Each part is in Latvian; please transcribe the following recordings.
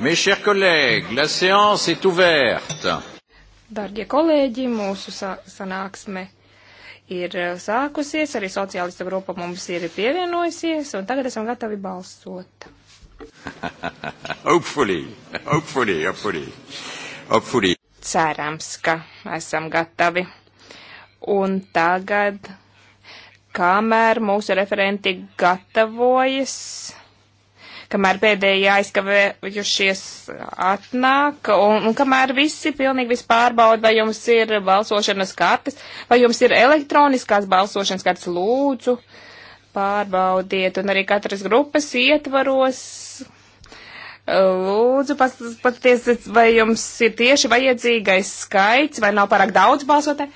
Mes chers collègues, la séance est ouverte. Darbie kolēģi, mūsu sanāksme ir eh, sākusies, arī sociālista grupa mums ir pievienojusies, un tagad esam gatavi balsot. hopefully, hopefully, hopefully, hopefully. Cerams, ka esam gatavi. Un tagad, kamēr mūsu referenti gatavojas, kamēr pēdējie aizkavējušies atnāk, un, un kamēr visi pilnīgi viss pārbauda, vai jums ir balsošanas kartes, vai jums ir elektroniskās balsošanas kartes lūdzu, pārbaudiet, un arī katras grupas ietvaros. Lūdzu, patiesiet, vai jums ir tieši vajadzīgais skaits, vai nav pārāk daudz balsotāju.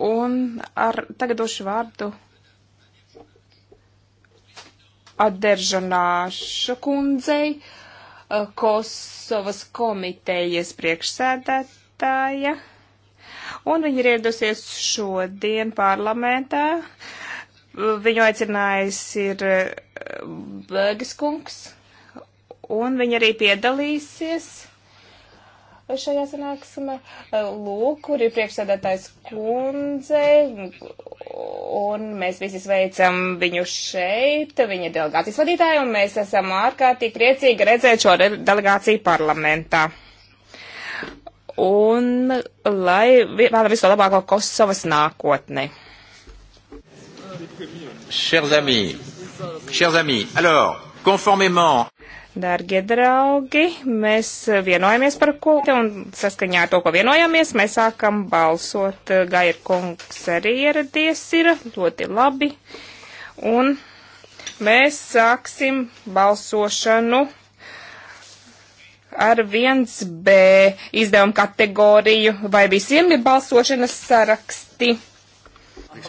Un ar, tagad došu vārdu Aderžanāša kundzei, Kosovas komitejas priekšsēdētāja, un viņa ir ieradusies šodien parlamentā. Viņu aicinājis ir Bēgas kungs, un viņa arī piedalīsies šajā sanāksmē. Lūk, kur ir priekšsēdētājs kundze, un mēs visi sveicam viņu šeit, viņa delegācijas vadītāju, un mēs esam ārkārtīgi priecīgi redzēt šo delegāciju parlamentā. Un lai vēlam visu labāko Kosovas nākotni. Chers amis, chers amis, alors, conformément Dārgie draugi, mēs vienojamies par ko, un saskaņā ar to, ko vienojamies, mēs sākam balsot. Gair kungs arī ieradies ir ļoti labi, un mēs sāksim balsošanu ar 1B izdevumu kategoriju, vai visiem ir balsošanas saraksti. Comme,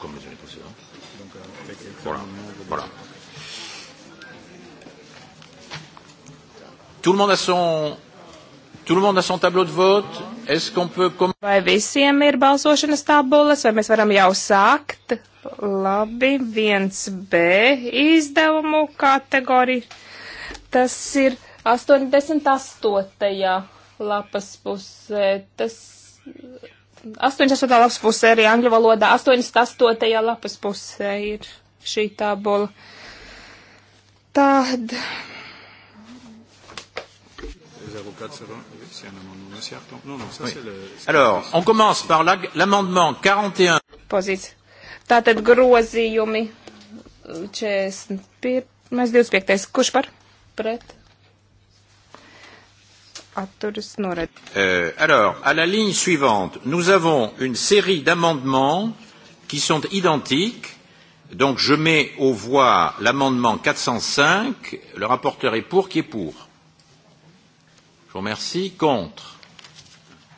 comme les années précédentes. Voilà. Tout le monde a son, tout le monde a son tableau de vote. Est-ce qu'on peut Vai visiem ir balsošanas tabulas, vai mēs varam jau sākt? Labi, viens B izdevumu kategorija. Tas ir 88. lapas pusē. Tas 88. lapas pusē arī angļu valodā. 88. lapas pusē ir šī tabula. Tāda. Alors, on commence par l'amendement 41. Pozīts. Tātad grozījumi 41. 25. Kurš par? Pret. Atturis nored. Euh, alors, à la ligne suivante, nous avons une série d'amendements qui sont identiques. Donc, je mets aux voix l'amendement 405. Le rapporteur est pour. Qui est pour vous remercie. Contre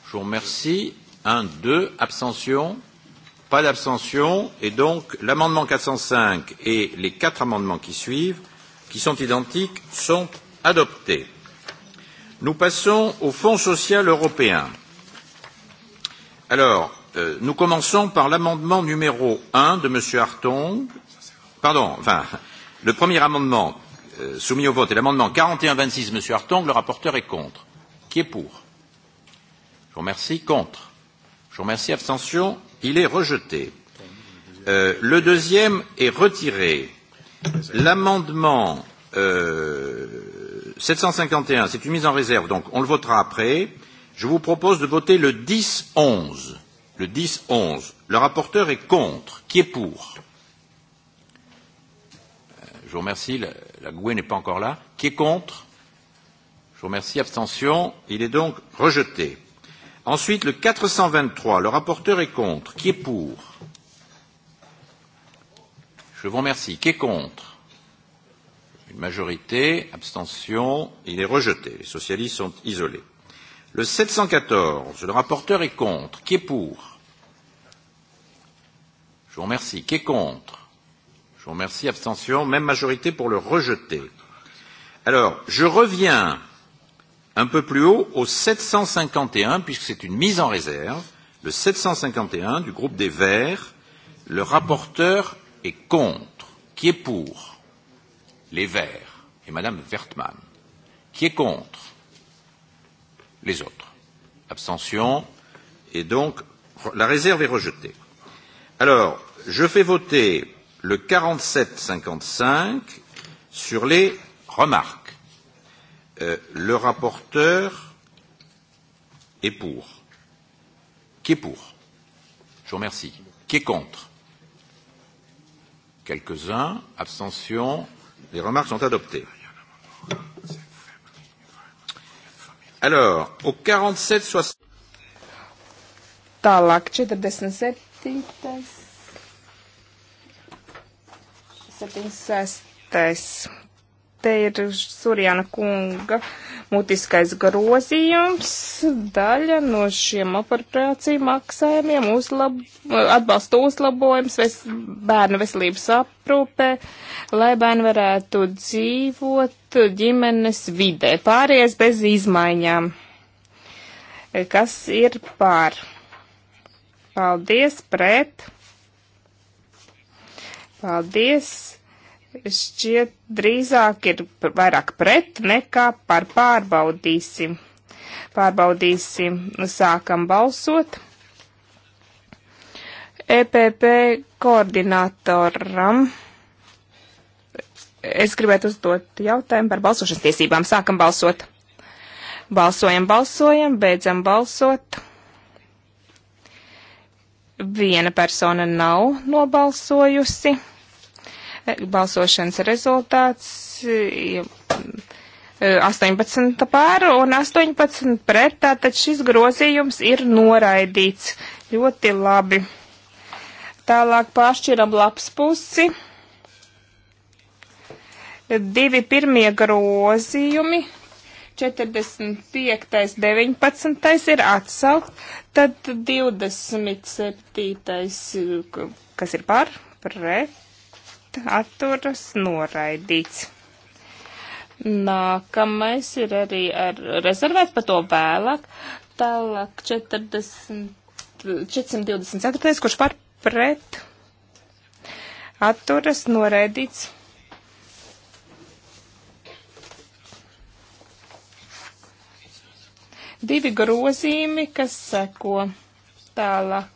Je vous remercie. 1, 2, abstention Pas d'abstention. Et donc, l'amendement 405 et les quatre amendements qui suivent, qui sont identiques, sont adoptés. Nous passons au Fonds social européen. Alors, euh, nous commençons par l'amendement numéro 1 de M. Hartong. Pardon, enfin, le premier amendement euh, soumis au vote est l'amendement 41-26 de M. Hartong. Le rapporteur est contre. Qui est pour Je vous remercie. Contre Je vous remercie. Abstention Il est rejeté. Euh, le deuxième est retiré. L'amendement euh, 751, c'est une mise en réserve, donc on le votera après. Je vous propose de voter le 10-11. Le 10-11. Le rapporteur est contre. Qui est pour euh, Je vous remercie. La, la Goué n'est pas encore là. Qui est contre vous remercie. Abstention. Il est donc rejeté. Ensuite, le 423. Le rapporteur est contre. Qui est pour Je vous remercie. Qui est contre Une majorité. Abstention. Il est rejeté. Les socialistes sont isolés. Le 714. Le rapporteur est contre. Qui est pour Je vous remercie. Qui est contre Je vous remercie. Abstention. Même majorité pour le rejeter. Alors, je reviens un peu plus haut au 751, puisque c'est une mise en réserve, le 751 du groupe des Verts. Le rapporteur est contre. Qui est pour Les Verts et Madame Wertmann. Qui est contre Les autres. Abstention. Et donc, la réserve est rejetée. Alors, je fais voter le 47-55 sur les remarques. Euh, le rapporteur est pour. Qui est pour Je vous remercie. Qui est contre Quelques-uns. Abstention. Les remarques sont adoptées. Alors, au 47 60... Tālāk, 47. 76 te ir Surjana kunga mutiskais grozījums. Daļa no šiem operāciju maksājumiem uzlab, atbalsta uzlabojums ves, bērnu veselības aprūpē, lai bērni varētu dzīvot ģimenes vidē, pāries bez izmaiņām, kas ir pār. Paldies pret. Paldies šķiet drīzāk ir vairāk pret nekā par pārbaudīsim. Pārbaudīsim, sākam balsot. EPP koordinatoram. Es gribētu uzdot jautājumu par balsošanas tiesībām. Sākam balsot. Balsojam, balsojam, beidzam balsot. Viena persona nav nobalsojusi. Balsošanas rezultāts 18 e, pār un 18 pret, tātad šis grozījums ir noraidīts. Ļoti labi. Tālāk pāršķiram labs pusi. Divi pirmie grozījumi 45. 19. ir atsaukt, tad 27. kas ir par, pret, pret atturas noraidīts. Nākamais ir arī ar rezervēts par to vēlāk. Tālāk 40, 424, kurš par pret atturas noraidīts. Divi grozījumi, kas seko tālāk.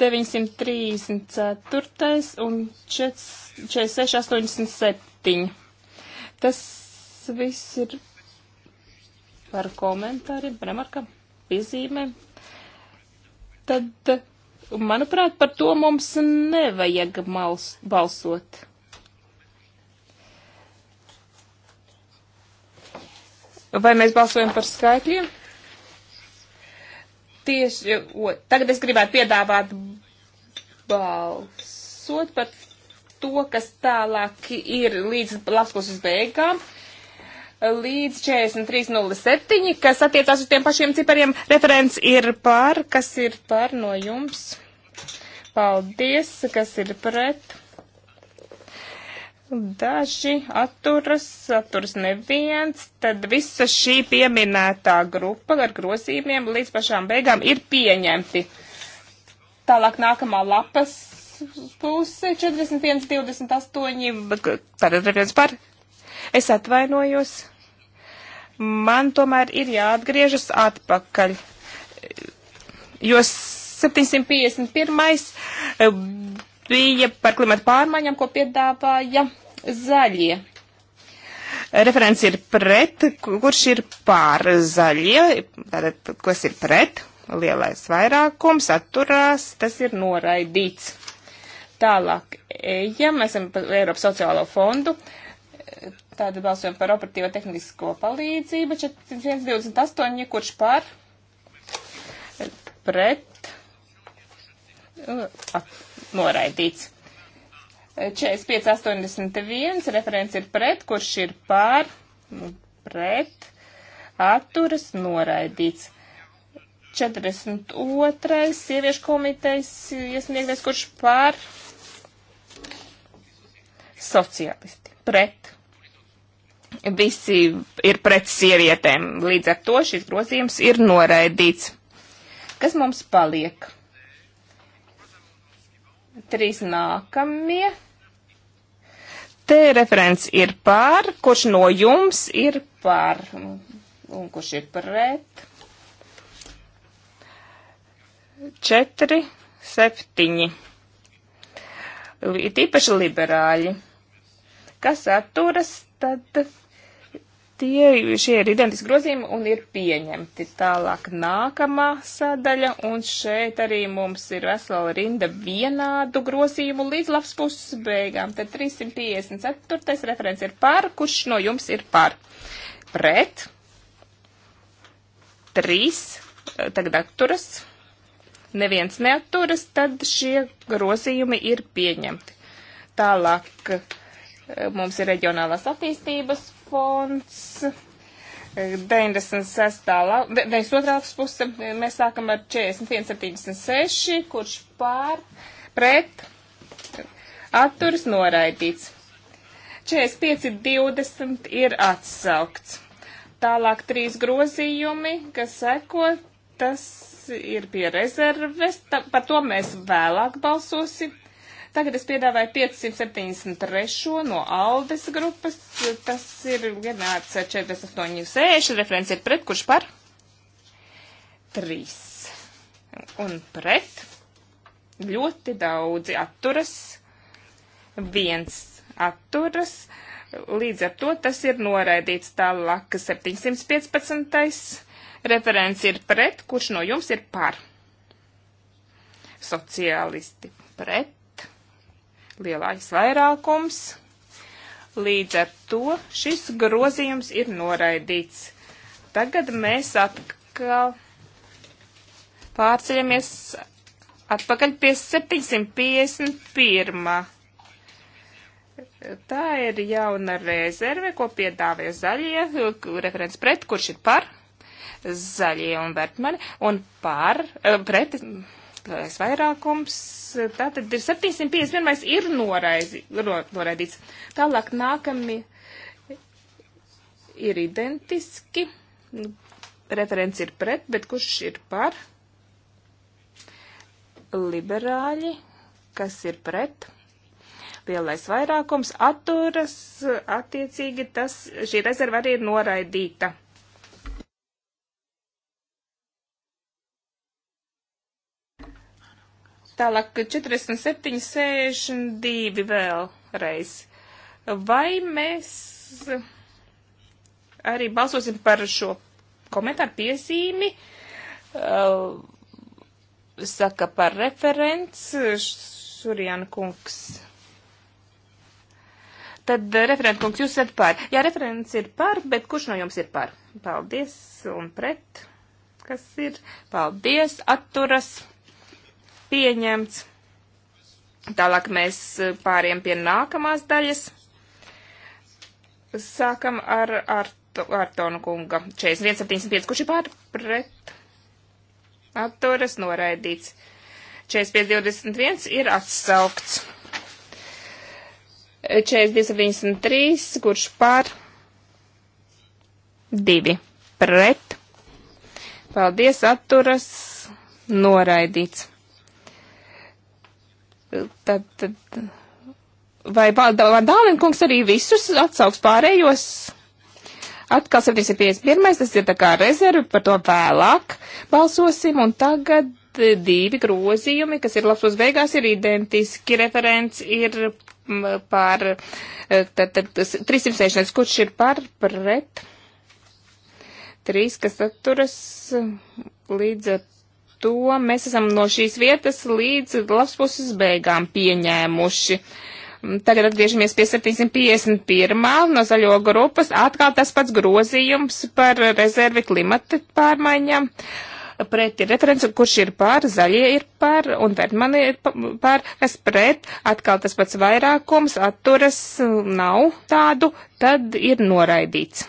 934 un 4687. Tas viss ir par komentāriem, remarkam, piezīmēm. Tad, manuprāt, par to mums nevajag mals, balsot. Vai mēs balsojam par skaitļiem? tieši, o, tagad es gribētu piedāvāt balsot par to, kas tālāk ir līdz lapskursas beigām līdz 43.07, kas attiecās uz tiem pašiem cipariem. Referents ir par, kas ir par no jums. Paldies, kas ir pret. Daži atturas, atturas neviens, tad visa šī pieminētā grupa ar grozījumiem līdz pašām beigām ir pieņemti. Tālāk nākamā lapas puse 41, 28, tātad viens par. Es atvainojos. Man tomēr ir jāatgriežas atpakaļ, jo 751 bija par klimatu pārmaiņām, ko piedāvāja zaļie. Referents ir pret, kurš ir pār zaļie, tātad, kas ir pret, lielais vairākums, atturās, tas ir noraidīts. Tālāk ejam, esam par Eiropas sociālo fondu. Tātad balsojam par operatīvo tehnisko palīdzību. 4128, kurš par, pret, at, noraidīts. 4581 referents ir pret, kurš ir pār, nu, pret, atturas noraidīts. 42. sieviešu komitejas iesniegtais, kurš pār sociālisti, pret. Visi ir pret sievietēm, līdz ar to šis grozījums ir noraidīts. Kas mums paliek? Trīs nākamie. Te referents ir pār, kurš no jums ir pār un kurš ir pret. Četri, septiņi. Ir tīpaši liberāļi. Kas atturas, tad tie, šie ir identiski grozījumi un ir pieņemti. Tālāk nākamā sadaļa, un šeit arī mums ir vesela rinda vienādu grozījumu līdz labs puses beigām. Tad 354. referents ir par, kurš no jums ir par? Pret. 3. Tagad atturas. Neviens neatturas, tad šie grozījumi ir pieņemti. Tālāk eh, mums ir reģionālās attīstības fonds. 96. Eh, la, 92. puse eh, mēs sākam ar 41.76, kurš pār pret atturas noraidīts. 45.20 ir atsaukts. Tālāk trīs grozījumi, kas seko, tas ir pie rezerves, ta, par to mēs vēlāk balsosim. Tagad es piedāvāju 573. no Aldes grupas. Tas ir vienāds 48.6. Referents ir pret, kurš par? 3. Un pret ļoti daudzi atturas. Viens atturas. Līdz ar to tas ir noraidīts tālāk 715. Referents ir pret, kurš no jums ir par? Sociālisti pret lielais vairākums. Līdz ar to šis grozījums ir noraidīts. Tagad mēs atkal pārceļamies atpakaļ pie 751. Tā ir jauna rezerve, ko piedāvāja zaļie, referents pret, kurš ir par zaļie un vertmani, un par, eh, pret, Lielais vairākums. Tātad ir 751. ir noraizi, noraidīts. Tālāk nākami ir identiski. Referents ir pret, bet kurš ir par? Liberāļi, kas ir pret? Lielais vairākums atturas, attiecīgi tas, šī rezerva arī ir noraidīta. Tālāk 47, 62 vēlreiz. Vai mēs arī balsosim par šo komentāru piezīmi? Uh, saka par referents Šurjana kungs. Tad eh, referenta kungs, jūs esat par. Jā, referents ir par, bet kurš no jums ir par? Paldies un pret. Kas ir? Paldies, atturas pieņemts. Tālāk mēs pāriem pie nākamās daļas. Sākam ar Artonu kunga. 41,75. Kurš ir pār pret? Atturas noraidīts. 45,21 ir atsaukts. 42,73. Kurš pār? 2. Pret. Paldies, atturas noraidīts. Tad, tad vai Dālina kungs arī visus atsauks pārējos? Atkal 751, tas ir tā kā rezervi, par to vēlāk balsosim, un tagad divi grozījumi, kas ir labs uz beigās, ir identiski. Referents ir par e, tad, tad, 360, kurš ir par pret. Trīs, kas atturas līdz ar to mēs esam no šīs vietas līdz lapspuses beigām pieņēmuši. Mm, Tagad atgriežamies pie 751. no zaļo grupas. Atkal tas pats grozījums par rezervi klimata pārmaiņām. Pret ir referents, kurš ir pār, zaļie ir pār un Vertman ir pār, kas pret, atkal tas pats vairākums, atturas nav tādu, tad ir noraidīts.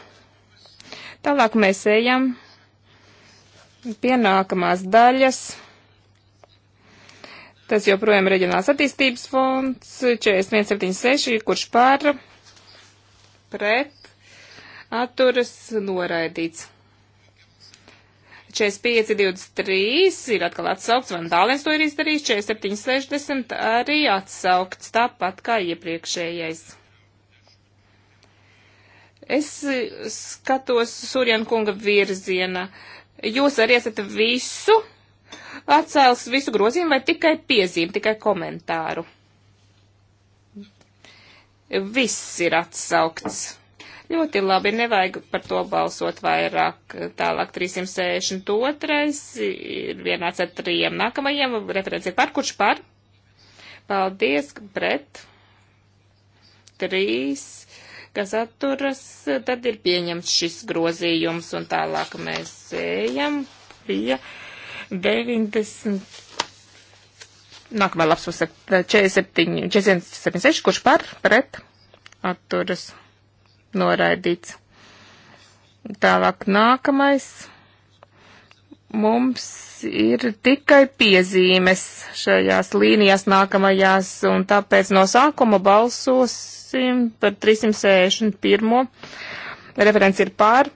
Tālāk mēs ejam pienākamās daļas. Tas joprojām ir reģionāls attīstības fonds 4176, kurš pār pret atturas noraidīts. 45, 23 ir atkal atsaukts, Vandālens to ir izdarījis, 47, 60 arī atsaukts, tāpat kā iepriekšējais. Es skatos Surjan kunga virziena. Uh, jūs variesat visu atcēlis visu grozījumu vai tikai piezīmi, tikai komentāru? Viss ir atsaukts. Ļoti labi, nevajag par to balsot vairāk. Tālāk 362 ir vienāds ar trījiem nākamajiem. Referents ir par kurš par? Paldies, pret. Trīs kas atturas, tad ir pieņemts šis grozījums, un tālāk mēs ejam pie 90. Nākamā lapsuse 47, 476, kurš par, pret, atturas, noraidīts. Tālāk nākamais mums ir tikai piezīmes šajās līnijās nākamajās, un tāpēc no sākuma balsosim par 361. Referents ir pār.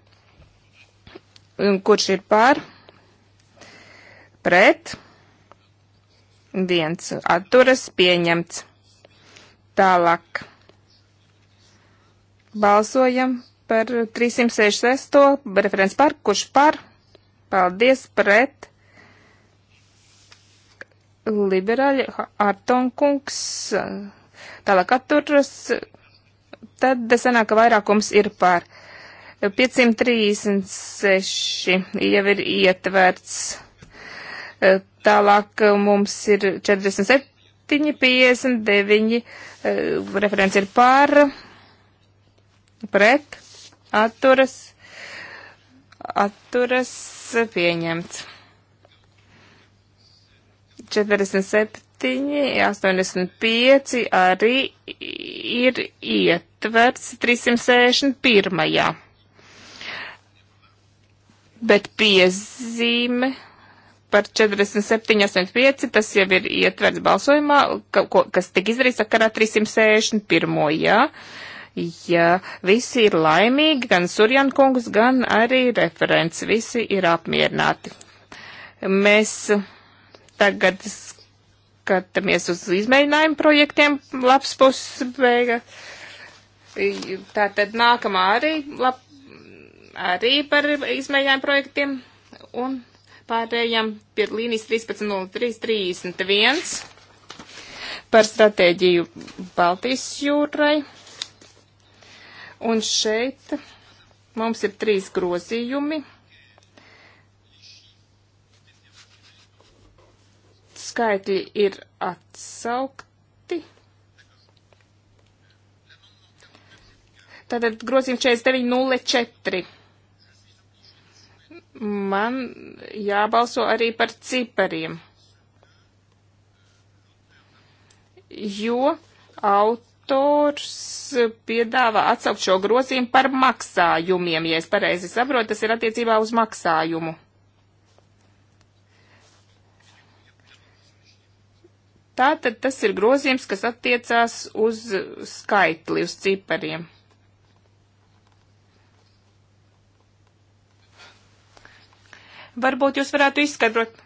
Kurš ir pār? Pret. Viens atturas pieņemts. Tālāk. Balsojam par 366. referents par, kurš par? Paldies pret liberāļi Artonkungs. Tālāk atturas. Tad sanāk, ka vairākums ir pār. 536 jau ir ietverts. Tālāk mums ir 47, 59, referents ir pār, pret, atturas, atturas, pieņemts. 47, 85 arī ir ietverts 361. Bet piezīme par 47, 85 tas jau ir ietverts balsojumā, ka, ko, kas tika izdarīts sakarā 361. Jā. Ja? ja visi ir laimīgi, gan Surjan kungs, gan arī referents, visi ir apmierināti. Mēs tagad skatāmies uz izmēģinājumu projektiem labs puses beigas. Tātad nākamā arī, lab, arī par izmēģinājumu projektiem un pārējām pie līnijas 13.03.31 par stratēģiju Baltijas jūrai. Un šeit mums ir trīs grozījumi. Skaitļi ir atsaukti. Tātad grozījums 4904. Man jābalso arī par cipariem, jo autori autors piedāvā atsaukt šo grozījumu par maksājumiem, ja es pareizi saprotu, tas ir attiecībā uz maksājumu. Tātad tas ir grozījums, kas attiecās uz skaitli, uz cipariem. Varbūt jūs varētu izskaidrot.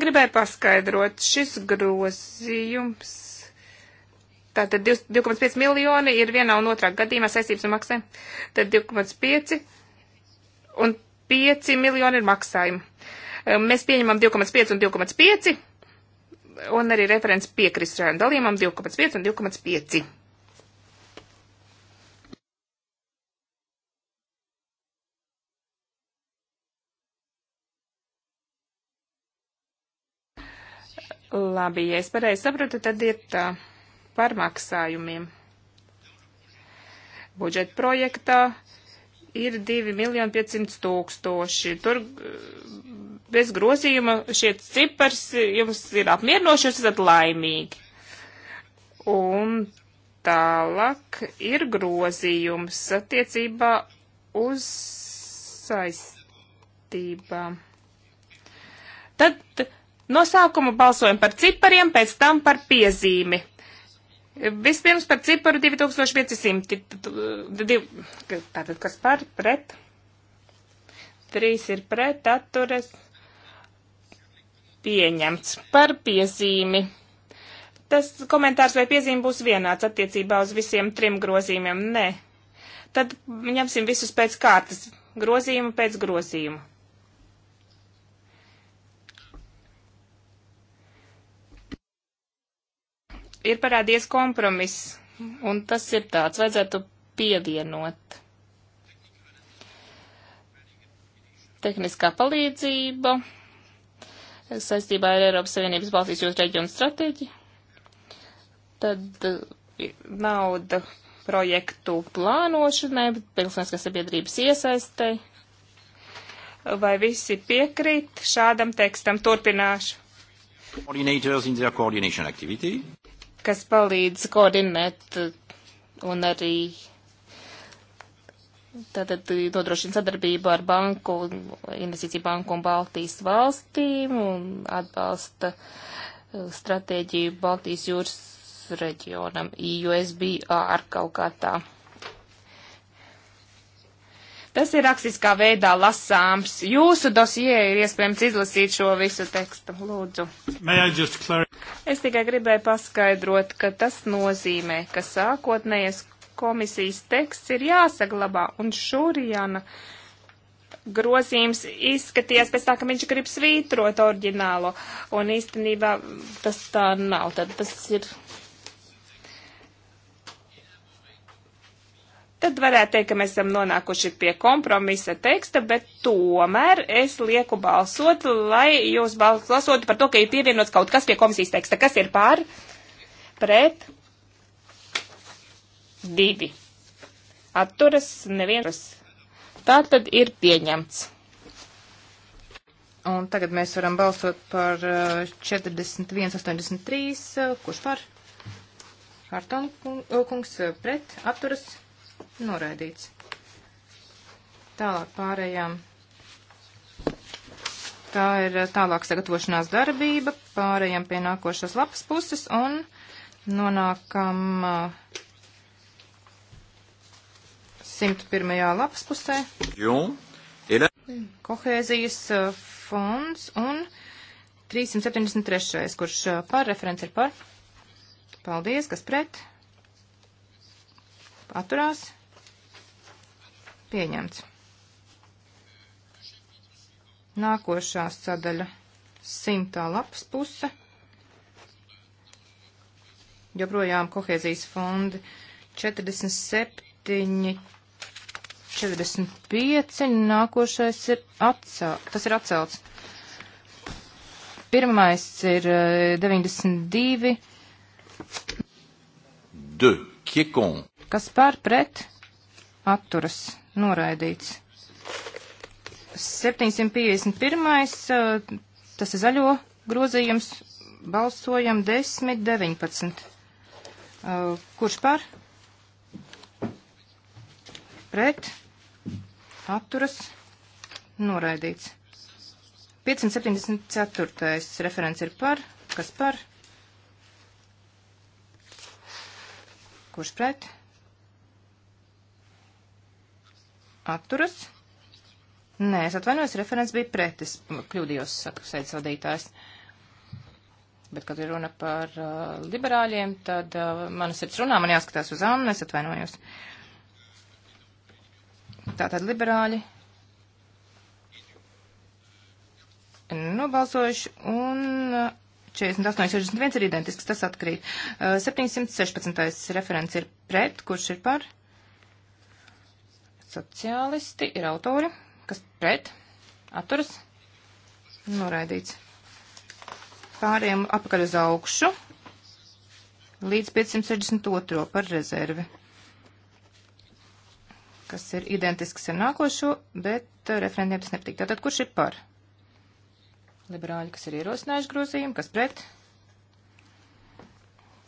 Gribēju paskaidrot, šis grozījums Tātad 2,5 miljoni ir vienā un otrā gadījumā saistības un maksājumi. Tad 2,5 un 5 miljoni ir maksājumi. Ehm, mēs pieņemam 2,5 un 2,5 un arī referents piekrist šajam dalījumam 2,5 un 2,5. Labi, ja es pareizi sapratu, tad ir tā. Uh, par maksājumiem. Budžeta projektā ir 2 miljoni 500 tūkstoši. Tur eh, bez grozījuma šie cipars jums ir apmierinoši, jūs esat laimīgi. Un tālāk ir grozījums attiecībā uz saistībām. Tad no sākuma balsojam par cipariem, pēc tam par piezīmi. Vispirms par ciparu 2500. Tātad, kas par pret? Trīs ir pret, atturas. Pieņemts par piezīmi. Tas komentārs vai piezīme būs vienāds attiecībā uz visiem trim grozījumiem. Nē. Tad ņemsim visus pēc kārtas. Grozījumu pēc grozījumu. ir parādies kompromiss, un tas ir tāds, vajadzētu pievienot. Tehniskā palīdzība saistībā ar Eiropas Savienības Baltijas jūras reģionu stratēģiju. Tad eh, nauda projektu plānošanai, pilsoniskās sabiedrības iesaistei. Vai visi piekrīt šādam tekstam? Turpināšu. Coordinators in their coordination activity kas palīdz koordinēt uh, un arī Tātad nodrošina sadarbību ar banku, investīciju banku un Baltijas valstīm un atbalsta uh, stratēģiju Baltijas jūras reģionam, IUSBR kaut kā tā. Tas ir rakstiskā veidā lasāms. Jūsu dosijē ir iespējams izlasīt šo visu tekstu. Lūdzu. Es tikai gribēju paskaidrot, ka tas nozīmē, ka sākotnējais komisijas teksts ir jāsaglabā un šūrijāna grozījums izskatījās pēc tā, ka viņš grib svītrot oriģinālo, un īstenībā tas tā nav. Tad tas ir tad varētu teikt, ka mēs esam nonākuši pie kompromisa teksta, bet tomēr es lieku balsot, lai jūs balsotu par to, ka ir pievienots kaut kas pie komisijas teksta. Kas ir pār? Pret? Divi. Atturas nevienas. Tā tad ir pieņemts. Un tagad mēs varam balsot par 41.83. Eh, eh, kurš par? Hartoni kungs eh, pret atturas noraidīts. Tālāk pārējām. Tā ir eh, tālāk sagatavošanās darbība, pārējām pie nākošās lapas puses un nonākam uh, eh, 101. lapas pusē. Kohēzijas uh, fonds un 373. kurš uh, par referents ir par. Paldies, kas pret? Paturās. Pieņemts. Nākošā sadaļa simtā lapas puse. Joprojām kohēzijas fondi 47, 45, nākošais ir atcelts. Tas ir atcelts. Pirmais ir 92. 2. Kiekon. Kas pār pret atturas noraidīts. 751. Eh, tas ir zaļo grozījums. Balsojam 10, 19. Eh, kurš par? Pret. Atturas. Noraidīts. 574. referents ir par. Kas par? Kurš pret? Atturas? Nē, es atvainojos, referents bija pretis. Kļūdījos, saka sēdes vadītājs. Bet, kad ir runa par uh, liberāļiem, tad uh, manas sirds runā, man jāskatās uz Annu, es atvainojos. Tātad liberāļi nobalsojuši un uh, 48,61 ir identisks, tas atkrīt. Uh, 716. referents ir pret, kurš ir par? Sociālisti ir autori, kas pret, atturas, noraidīts. Pārējiem apakaļ uz augšu līdz 562 par rezervi, kas ir identisks ar nākošo, bet eh, referentiem tas nepatīk. Tātad, kurš ir par? Liberāļi, kas ir ierosinājuši grozījumu, kas pret?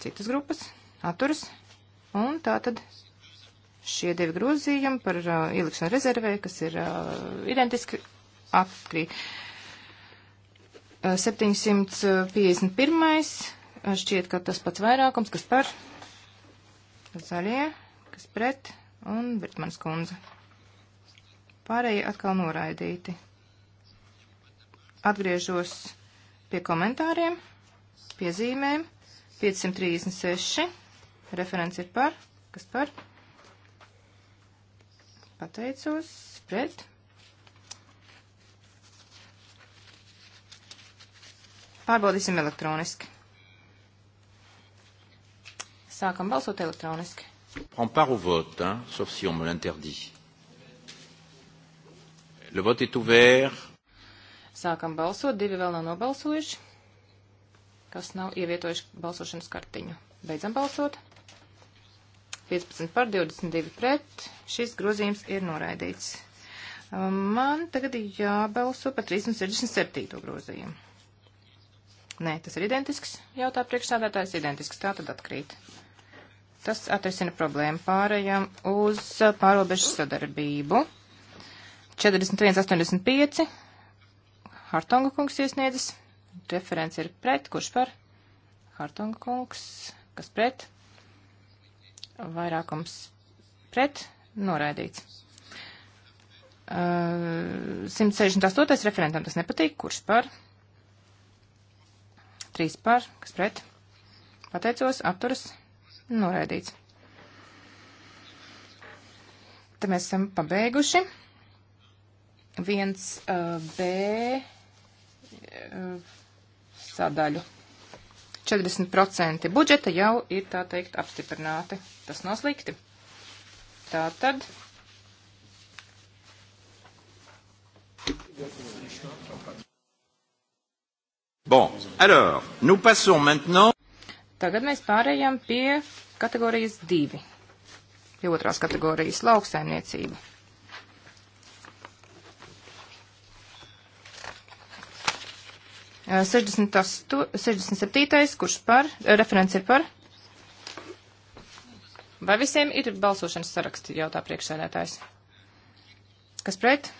Citas grupas, atturas, un tātad šie divi grozījumi par uh, ielikšanu rezervē, kas ir uh, identiski apkrīt. Uh, 751. Uh, šķiet, ka tas pats vairākums, kas par zaļie, kas pret un Britmans kundze. Pārējie atkal noraidīti. Atgriežos pie komentāriem, piezīmēm. 536. Referents ir par. Kas par? pateicos pret. Pārbaudīsim elektroniski. Sākam balsot elektroniski. Prends part au vote, hein, sauf si on me l'interdit. Le vote est ouvert. Sākam balsot, divi vēl nav nobalsojuši, kas nav ievietojuši balsošanas kartiņu. Beidzam balsot. 15 par 22 pret. Šis grozījums ir noraidīts. Um, man tagad ir jābalso par 367. grozījumu. Nē, tas ir identisks, jautā priekšsādātājs, identisks, tā tad atkrīt. Tas atrisina problēmu. Pārējām uz pārobežu sadarbību. 41.85. Hartonga kungs iesniedzis. Referents ir pret, kurš par? Hartonga kungs, kas pret? vairākums pret noraidīts. Uh, 168. referentam tas nepatīk, kurš par? 3 par, kas pret? Pateicos, apturas, noraidīts. Te mēs esam pabeiguši. 1 uh, B uh, sadaļu. 40% budžeta jau ir, tā teikt, apstiprināti. Tas nav slikti. Tā tad. Bon, alors, nous passons maintenant. Tagad mēs pārējām pie kategorijas 2, pie otrās kategorijas lauksaimniecība. 68, eh, 67. kurš par, eh, referents ir par. Vai visiem ir balsošanas saraksti, jautā priekšsēdētājs. Kas pret?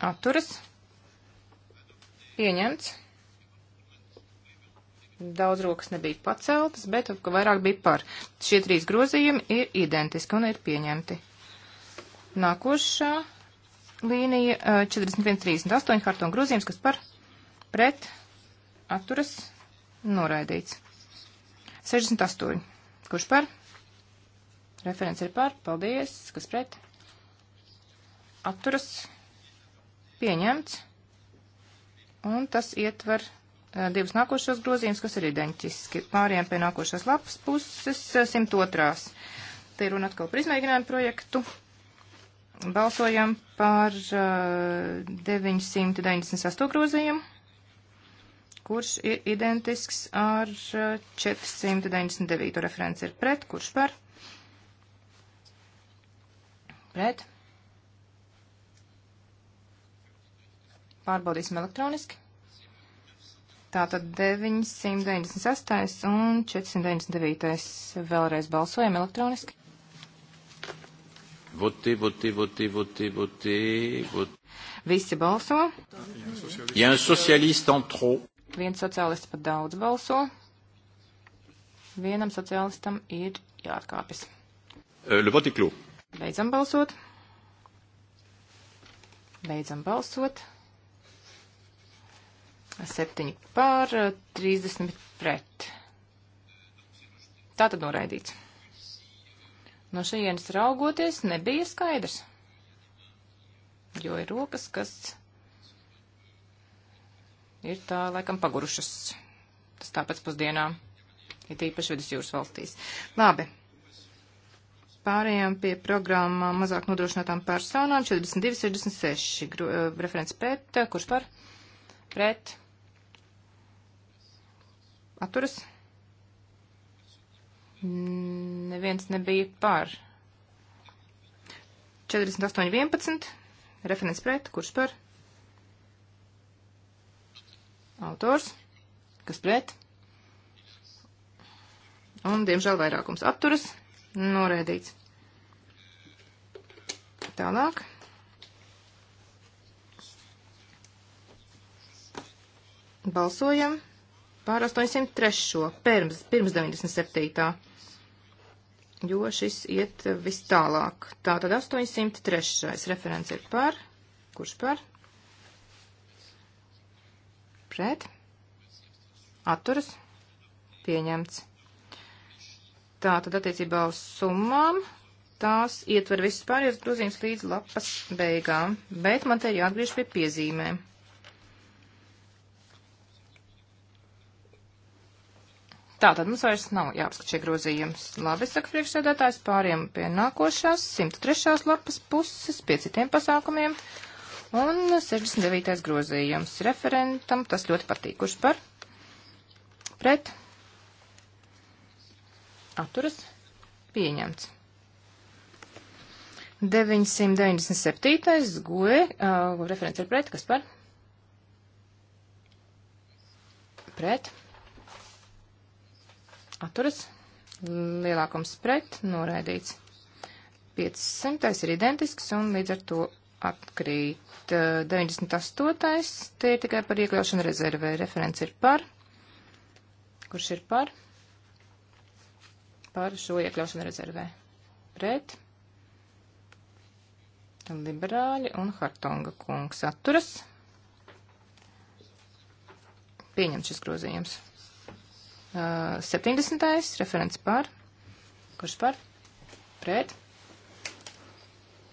Atturas. Pieņemts. Daudz rokas nebija paceltas, bet vairāk bija par. Šie trīs grozījumi ir identiski un ir pieņemti. Nākošā līnija 41.38 Hartung grozījums, kas par pret atturas noraidīts. 68. Kurš par? Referents ir par. Paldies. Kas pret? Atturas pieņemts. Un tas ietver divus nākošos grozījumus, kas ir identiski. Pāriem pie nākošās lapas puses 102. Te ir runa atkal par izmēģinājumu projektu. Balsojam par uh, 998 grozījumu, kurš ir identisks ar uh, 499. Referents ir pret, kurš par? Pret. Pārbaudīsim elektroniski. Tātad 998 un 499. Vēlreiz balsojam elektroniski. Votez, votez, votez, votez, votez, votez. Visi balso. Ja un socialiste en trop. Viens sociālists pat daudz balso. Vienam sociālistam ir jāatkāpjas. Euh, le vote est clos. Beidzam balsot. Beidzam balsot. 7 pār 30 pret. Tātad noraidīts. No šajienes raugoties nebija skaidrs, jo ir rokas, kas ir tā laikam pagurušas. Tas tāpēc pusdienām ir tīpaši vidusjūras valstīs. Labi. Pārējām pie programmām mazāk nodrošinātām personām 42-66. Uh, eh, referents pret, kurš par? Pret. Atturas. Neviens nebija par. 48.11. Referents pret, kurš par? Autors, kas pret? Un, diemžēl, vairākums atturas. Noraidīts. Tālāk. Balsojam par 803. Pirms, pirms 97 jo šis iet vis tālāk. Tātad 803. referents ir par. Kurš par? Pret. Atturas. Pieņemts. Tātad attiecībā uz summām tās ietver visas pārējās grozījums līdz lapas beigām, bet man te jāatgriež pie piezīmēm. Tā tad mums vairs nav jāapskat šie grozījums. Labi, saka priekšsēdētājs, pāriem pie nākošās 103. lapas puses pie citiem pasākumiem. Un 69. grozījums referentam, tas ļoti patīkuši par. Pret. Atturas. Pieņemts. 997. goe, uh, referents ir pret, kas par? Pret atturas, lielākums pret, noraidīts. 500 ir identisks un līdz ar to atkrīt. 98. Eh, Tie ir tikai par iekļaušanu rezervē. Referents ir par. Kurš ir par? Par šo iekļaušanu rezervē. Pret. Liberāļi un Hartonga kungs atturas. Pieņem šis grozījums. Uh, eh, 70. referents par. Kurš par? Pret.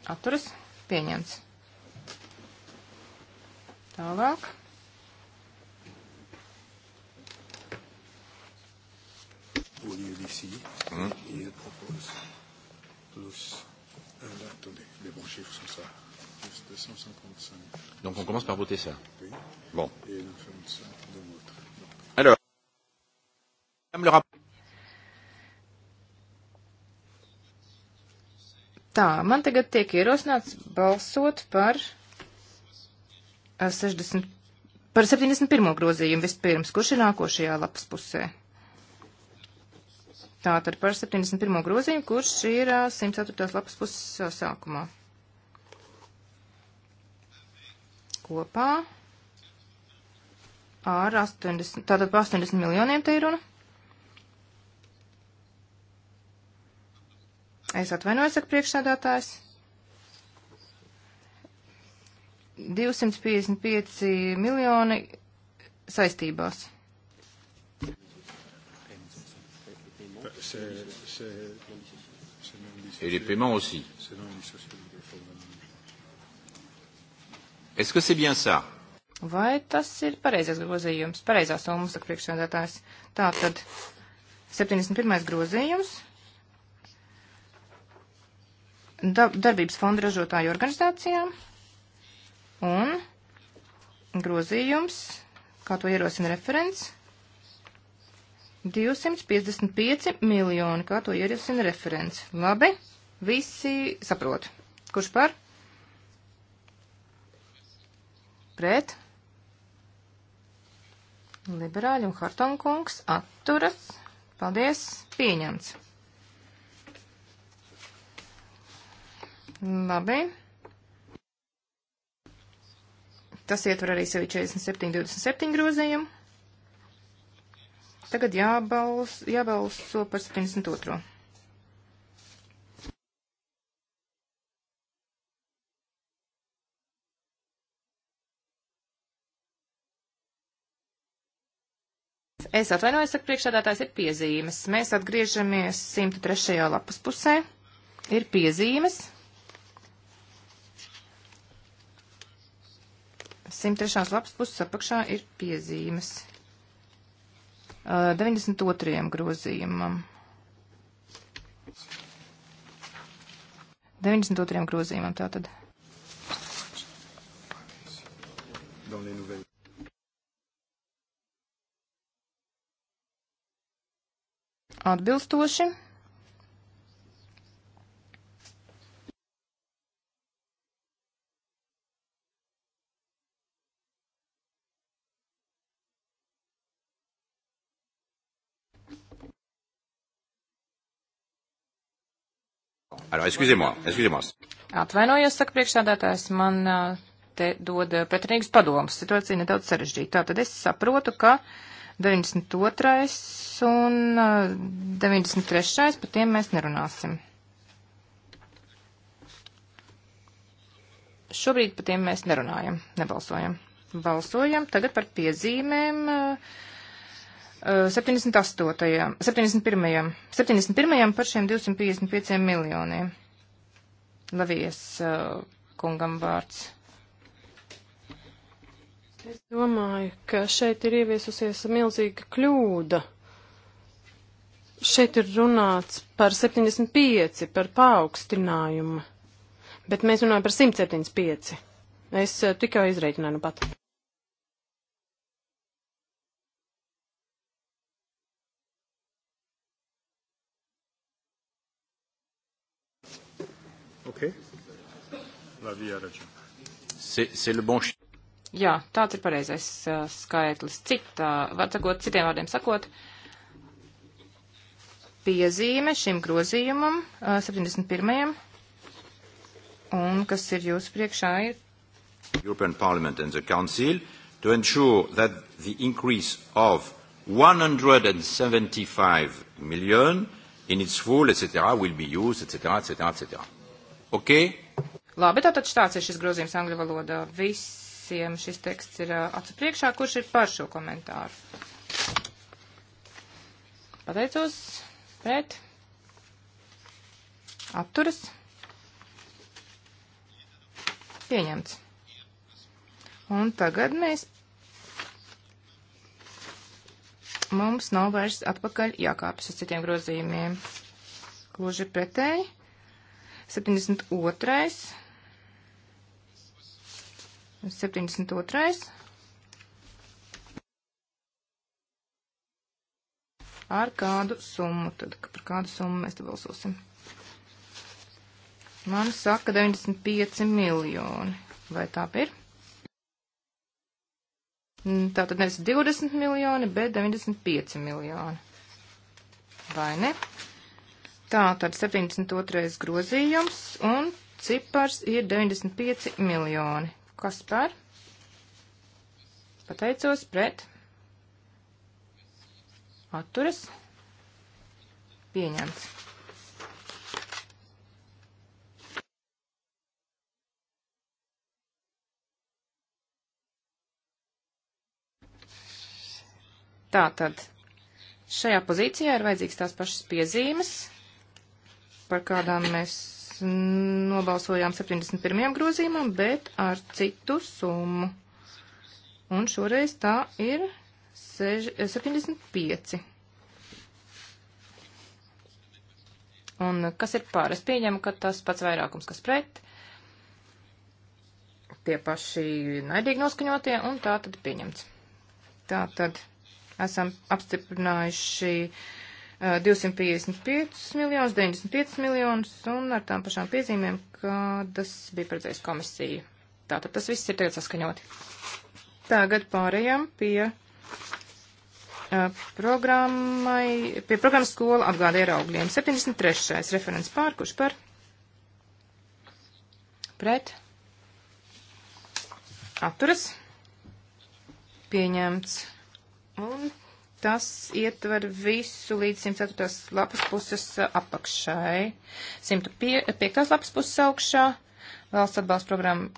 Atturas. Pieņemts. Tālāk. Au lieu d'ici, mmh. il propose plus un attendez, les bons chiffres sont ça. Plus 255. Donc on commence par voter ça. Oui. Bon. Et l'enfant de l'autre. Tā, man tagad tiek ierosināts balsot par 60, par 71. grozījumu vispirms, kurš ir nākošajā lapas pusē. Tātad par 71. grozījumu, kurš ir 104. lapas puses sākumā. Kopā ar 80, tātad par 80 miljoniem te ir runa. Es atvainojos, saka priekšsādātājs. 255 miljoni saistībās. Et les paiements aussi. Est-ce que c'est bien ça? Vai tas ir pareizais grozījums, pareizā summa, saka priekšsēdētājs? Tātad 71. grozījums darbības fonda ražotāju organizācijām un grozījums, kā to ierosina referents, 255 miljoni, kā to ierosina referents. Labi, visi saprot. Kurš par? Pret? Liberāļi un Hartonkungs atturas. Paldies, pieņemts. Labi. Tas ietver arī sevi 47, 27 grozījumu. Tagad jābals, jābalso par 72. Es atvainojos, ka priekšsādātājs ir piezīmes. Mēs atgriežamies 103. lapas pusē. Ir piezīmes. 103. lapas puses apakšā ir piezīmes. 92. grozījumam. 92. grozījumam tātad. Atbilstoši Alors, excusez-moi, excusez-moi. Atvainojos, saka priekšsādātājs, man uh, te dod uh, pretrunīgas padomas. Situācija nedaudz sarežģīta. Tātad es saprotu, ka 92. un 93. Uh, par tiem mēs nerunāsim. Šobrīd par tiem mēs nerunājam, nebalsojam. Balsojam tagad par piezīmēm. Uh, 78. 71. 71. par šiem 255 miljoniem. Lavijas uh, eh, kungam vārds. Es domāju, ka šeit ir ieviesusies milzīga kļūda. Šeit ir runāts par 75, par paaugstinājumu, bet mēs runājam par 175. Es uh, tikai izreikināju nu pat. Ok? La vija raģa. C'est le bon chiffre. Jā, tāds ir pareizais uh, skaitlis. Citā, uh, var sagot, citiem vārdiem sakot, piezīme šim grozījumam, uh, 71. Un kas ir jūsu priekšā ir? European Parliament and the Council to ensure that the increase of 175 million in its full, etc., will be used, etc., etc., etc. Ok? Labi, tātad štāds ir šis grozījums angļu valodā. Visiem šis teksts ir acu priekšā, kurš ir par šo komentāru. Pateicos, pret, atturas, pieņemts. Un tagad mēs mums nav vairs atpakaļ jākāpjas uz citiem grozījumiem. Gluži pretēji. 72. 72. Ar kādu summu, tad par kādu summu mēs te balsosim? Man saka 95 miljoni. Vai tā ir? Mm, tā tad nevis 20 miljoni, bet 95 miljoni. Vai ne? Tā tad 72. grozījums un cipars ir 95 miljoni. Kas par? Pateicos pret. Atturas. Pieņemts. Tātad šajā pozīcijā ir vajadzīgs tās pašas piezīmes, par kādām mēs nobalsojām 71. grozījumam, bet ar citu summu. Un šoreiz tā ir 75. Un kas ir pār? Es pieņemu, ka tas pats vairākums, kas pret, tie paši naidīgi noskaņotie, un tā tad pieņemts. Tā tad esam apstiprinājuši uh, 255 miljonus, 95 miljonus un ar tām pašām piezīmēm, kādas bija paredzējusi komisija. Tātad tas viss ir tagad saskaņoti. Tagad pārējām pie uh, programmai, pie programmas skola apgāda ieraugļiem. 73. referents pār, kurš par? Pret? Atturas? Pieņemts. Un Tas ietver visu līdz 104. lapas puses uh, apakšai. 105. lapas puses augšā valsts atbalsta programma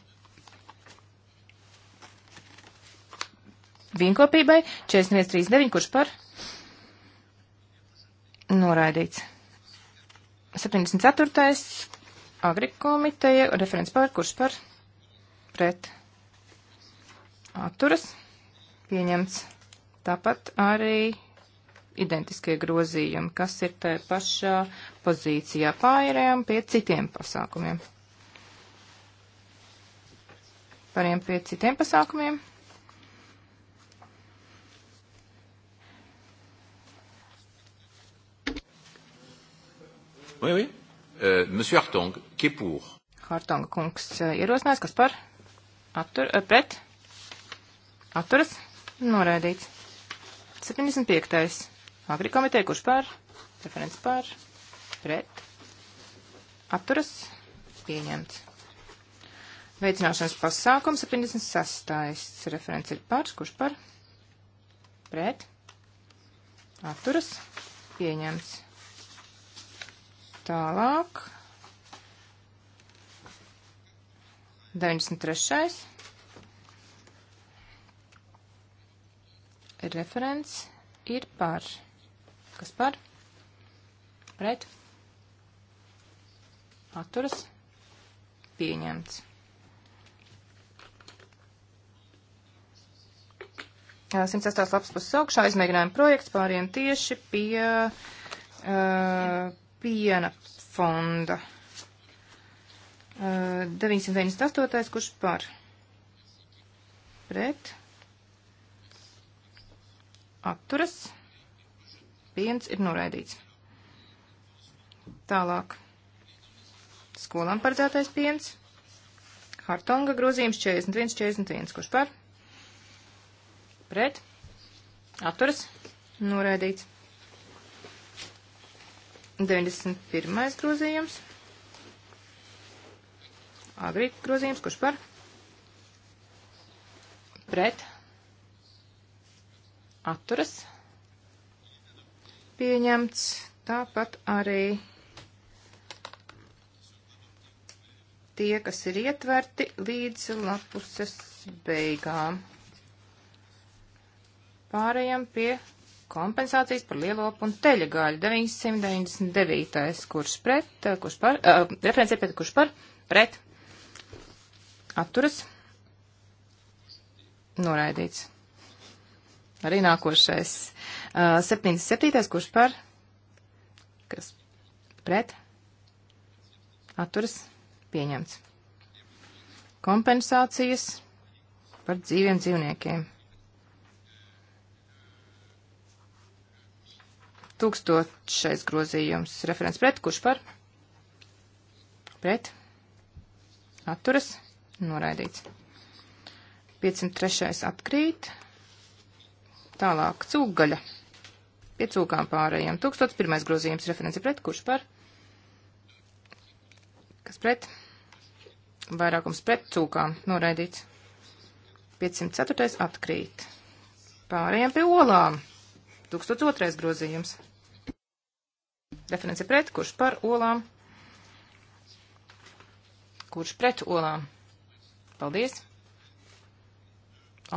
vienkopībai 4139, kurš par noraidīts. 74. agrikomiteja, referents par, kurš par pret atturas pieņemts. Tāpat arī identiskie grozījumi, kas ir tā pašā pozīcijā pārējām pie citiem pasākumiem. Pārējām pie citiem pasākumiem. Oui, oui. Euh, monsieur Hartong, qui est pour? Hartong kungs eh, ierosinās, kas par? Attur, eh, pret? Atturas? Noraidīts. 75. Agri komiteja, kurš par? Referents par? Pret? Atturas? Pieņemts. Veicināšanas pasākums 76. Referents ir par? Kurš par? Pret? Atturas? Pieņemts. Tālāk. 93. referents ir par. Kas par? Pret. Atturas. Pieņemts. Jā, 108 lapas puses augšā izmēģinājuma projekts pāriem tieši pie uh, piena fonda. Uh, 998, kurš par pret atturas, viens ir noraidīts. Tālāk. Skolām paredzētais piens. Hartonga grozījums 41, 41. Kurš par? Pret. Atturas. Noraidīts. 91. grozījums. Agrīt grozījums. Kurš par? Pret atturas pieņemts. Tāpat arī tie, kas ir ietverti līdz lapuses beigām. Pārējām pie kompensācijas par lielopu un teļa gaļu 999. kurš pret, eh, kurš par, uh, referents ir pret, kurš par, pret, atturas, noraidīts. Arī nākošais. Uh, 77. kurš par? Kas pret? Atturas pieņemts. Kompensācijas par dzīviem dzīvniekiem. 1006 grozījums. Referents pret, kurš par? Pret. Atturas. Noraidīts. 503. atkrīt. Tālāk cūgaļa. Pie cūkām pārējiem. 1001. grozījums referenci pret, kurš par? Kas pret? Vairākums pret cūkām noraidīts. 504. atkrīt. Pārējiem pie olām. 1002. grozījums. Referenci pret, kurš par olām? Kurš pret olām? Paldies!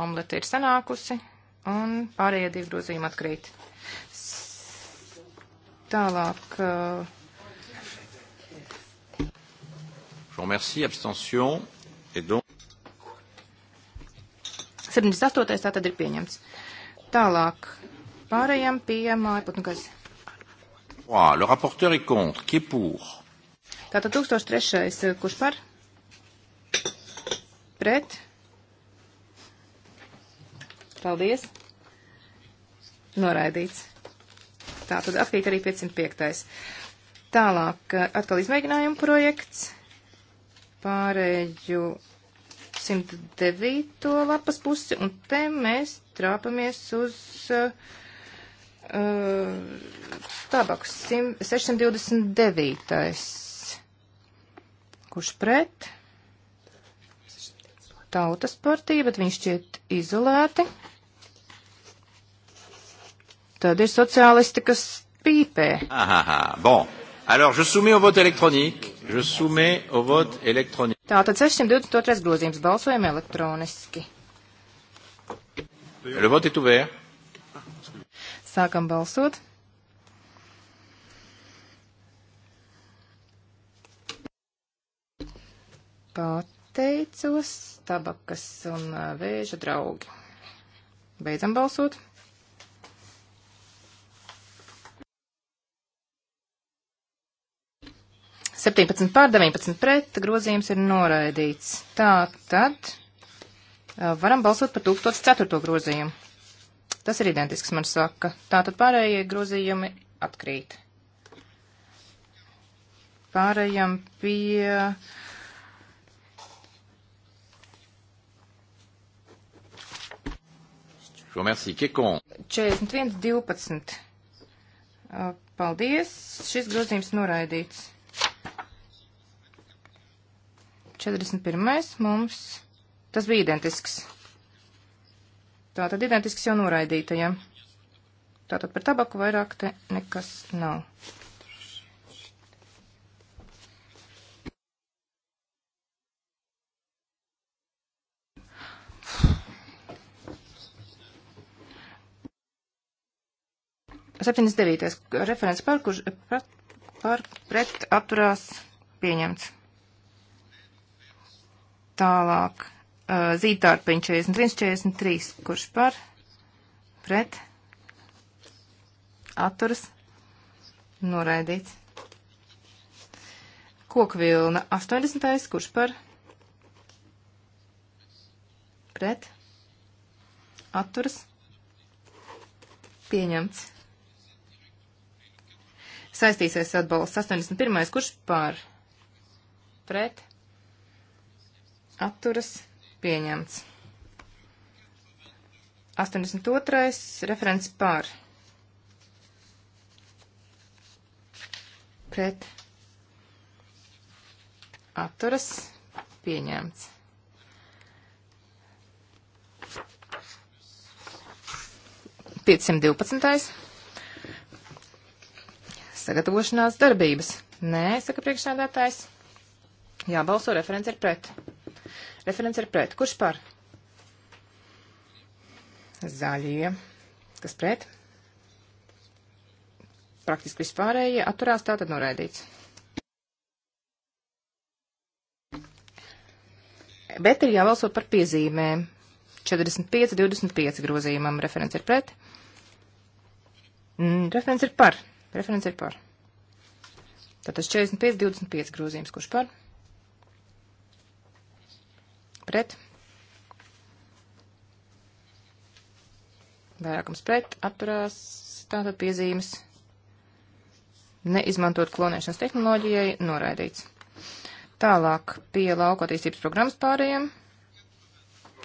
Omlete ir sanākusi un pārējie divi grozījumi atkrīt. Tālāk. Uh, Je remercie, abstention. Et donc... 78. tā tad ir pieņemts. Tālāk. Pārējām pie mājputnu gazi. Wow, le rapporteur est contre. Qui est pour? Tātad 1003. Kurš par? Pret? Paldies. Noraidīts. Tā tad atkrīt arī 505. Tālāk eh, atkal izmēģinājuma projekts. Pārēju 109. lapas pusi, un te mēs trāpamies uz uh, tabaku 629. Kurš pret? Tautas partija, bet viņš šķiet izolēti. Tad ir sociālisti, kas pīpē. Aha, aha. Bon. Alors, je soumets au vote électronique. Je soumets au vote électronique. Tātad 622. grozījums balsojam elektroniski. Le vote est ouvert. Sākam balsot. Pateicos tabakas un vēža draugi. Beidzam balsot. 17 pār 19 pret, grozījums ir noraidīts. Tā tad varam balsot par 1004. grozījumu. Tas ir identisks, man saka. Tā tad pārējie grozījumi atkrīt. Pārējām pie. Merci, 41, 12. Paldies. Šis grozījums noraidīts. 41. mums tas bija identisks. Tātad identisks jau noraidītajam. Tātad par tabaku vairāk te nekas nav. Septiņdesmit devītais referents par, kurš par, par pret atturās pieņemts. Tālāk zīdārpiņš 41, 43, kurš par, pret, atturas, noraidīts. Kokvilna 80, kurš par, pret, atturas, pieņemts. Saistīsies atbalsts 81, kurš par, pret, atturas atturas pieņemts. 82. referents par pret atturas pieņemts. Piecsimt divpadsmitais. Sagatavošanās darbības. Nē, saka priekšsēdētājs. Jābalso referents ir pret. Referents ir pret. Kurš par? Zaļie. Kas pret? Praktiski vispārējie atturās tātad noraidīts. Bet ir jābalso par piezīmēm. 45, 25 grozījumam. Referents ir pret. Mm, referents ir par. Referents ir par. Tātad 45, 25 grozījums. Kurš par? pret. Vairākums pret atturās tātad piezīmes neizmantot klonēšanas tehnoloģijai noraidīts. Tālāk pie lauka attīstības programmas pārējiem.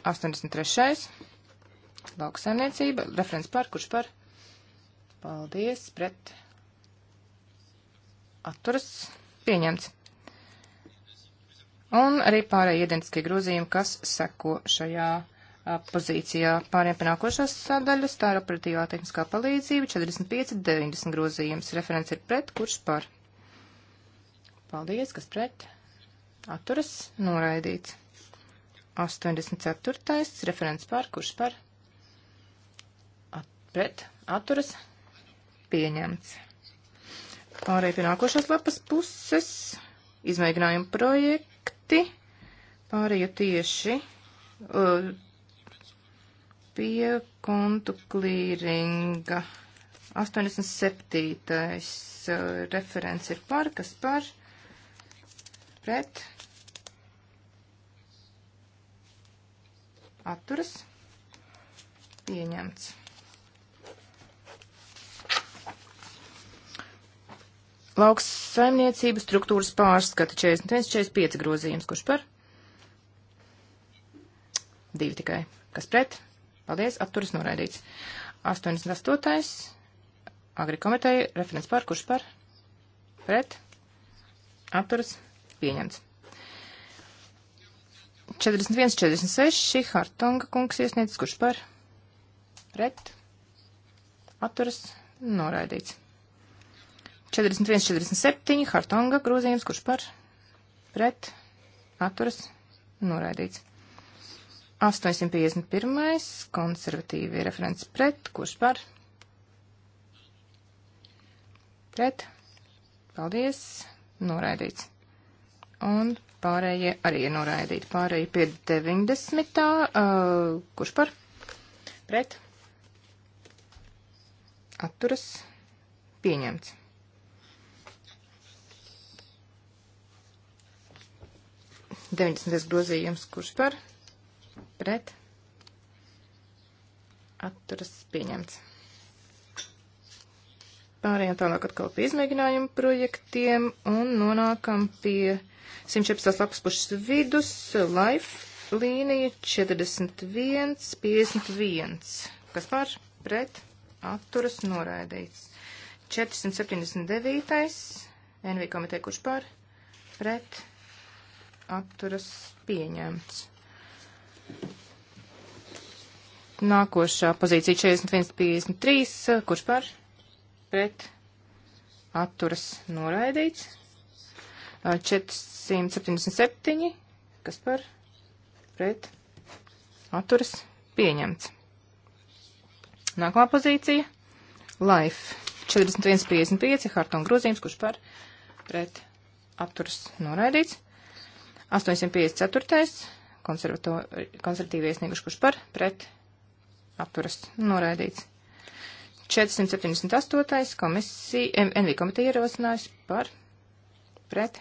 83. Lauka saimniecība. Referents par, kurš par? Paldies, pret. Atturas pieņemts. Un arī pārējie identiskie grozījumi, kas seko šajā a, pozīcijā. Pāriem pie nākošās sadaļas, tā ir operatīvā tehniskā palīdzība, 45-90 grozījums. Referents ir pret, kurš par. Paldies, kas pret. Atturas noraidīts. 84. referents par, kurš par. At, pret, atturas pieņemts. Pārējie pie nākošās lapas puses. Izmēģinājumu projektu 5 pārēja tieši uh, pie kontu klīringa. 87. Uh, referents ir par, kas par, pret, atturas, pieņemts. Lauks saimniecības struktūras pārskata 41-45 grozījums. Kurš par? Divi tikai. Kas pret? Paldies, atturis noraidīts. 88. Agrikomiteja referents par. Kurš par? Pret? Atturis pieņemts. 41-46. Šī Hartonga kungs iesniedz. Kurš par? Pret? Atturis noraidīts. 41, 47, Hartonga grozījums, kurš par pret atturas noraidīts. 851. konservatīvi referents pret, kurš par pret. Paldies, noraidīts. Un pārējie arī ir noraidīti. Pārējie pie 90. Uh, kurš par pret atturas pieņemts. 90. grozījums, kurš par pret atturas pieņemts. Pārējām tālāk atkal pie izmēģinājumu projektiem un nonākam pie 114. lapas pušas vidus, life līnija 41, 51, kas par pret atturas noraidīts. 479. NV komiteja, kurš par pret atturas pieņemts. Nākošā pozīcija 41.53. Eh, kurš par? Pret. Atturas noraidīts. 477. Eh, kas par? Pret. Atturas pieņemts. Nākamā pozīcija. Life. 41.55. Hartung grozījums. Kurš par? Pret. Atturas noraidīts. 854. konservatīvi iesnieguši, kurš par, pret, atturas, noraidīts. 478. komisija, NV komiteja ierosinājis par, pret,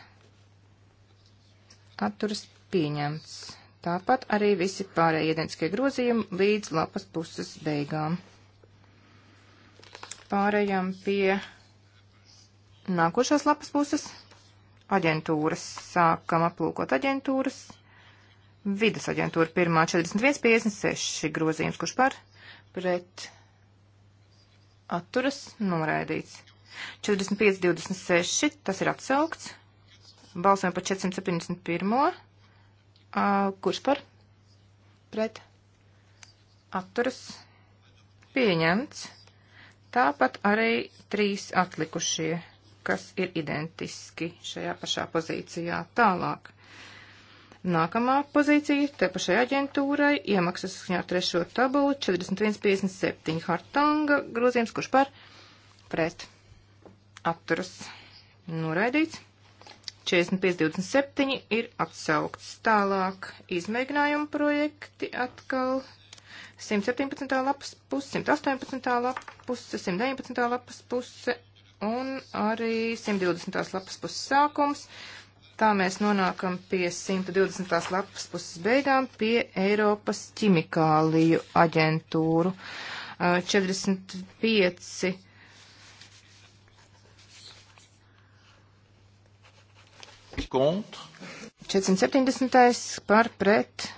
atturas pieņemts. Tāpat arī visi pārējie identiskie grozījumi līdz lapas puses beigām. Pārējām pie nākošās lapas puses aģentūras. Sākam aplūkot aģentūras. Vides aģentūra pirmā 41.56 grozījums, kurš par pret atturas noraidīts. 45.26, tas ir atsaukts. Balsojam par 471. Uh, kurš par? Pret. Atturas. Pieņemts. Tāpat arī trīs atlikušie kas ir identiski šajā pašā pozīcijā tālāk. Nākamā pozīcija te pašai aģentūrai iemaksas saskaņā ar trešo tabulu 4157 hartanga grozījums, kurš par pret apturas noraidīts. 4527 ir atsaukts. Tālāk izmēģinājumu projekti atkal 117. lapas puse, 118. lapas puse, 119. lapas puse un arī 120. lapas puses sākums. Tā mēs nonākam pie 120. lapas puses beigām pie Eiropas ķimikāliju aģentūru. 45 uh, Contre. 470. par pret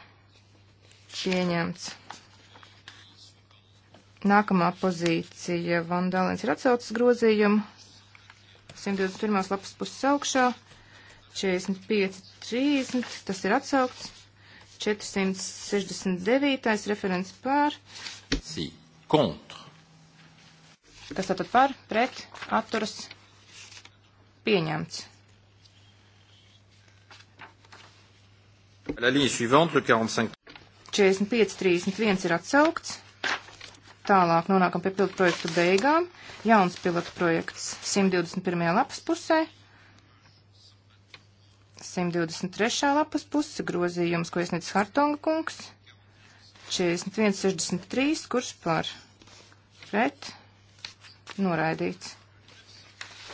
pieņemts. Nākamā pozīcija Vandālens ir atsaucas grozījumu. 121. lapas puses augšā. 45, 30. Tas ir atsaukts. 469. referents pār. Si, kontra. Kas tātad par, pret, atturas, pieņemts. La līnija suivante, le 45. 45, 31 ir atsaukts. Tālāk nonākam pie pilotu projektu beigām. Jauns pilotu projekts 121. lapas pusē. 123. lapas puse grozījums, ko iesniedz Hartonga kungs. 41.63, kurš par pret noraidīts.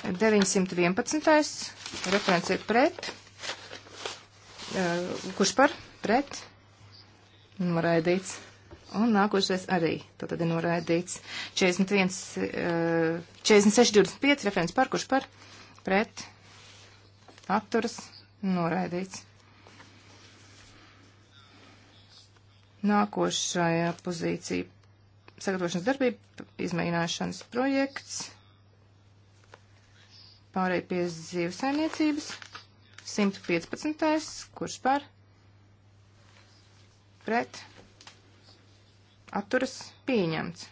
911. referents ir pret. Eh, kurš par pret noraidīts. Un nākošais arī, tātad ir noraidīts 41, 46, 25 referents par, kurš par, pret, atturas, noraidīts. Nākošajā pozīcija sagatavošanas darbība, izmēģināšanas projekts, pārēj pie zīvesaimniecības, 115, kurš par, pret, atturas atturas pieņemts.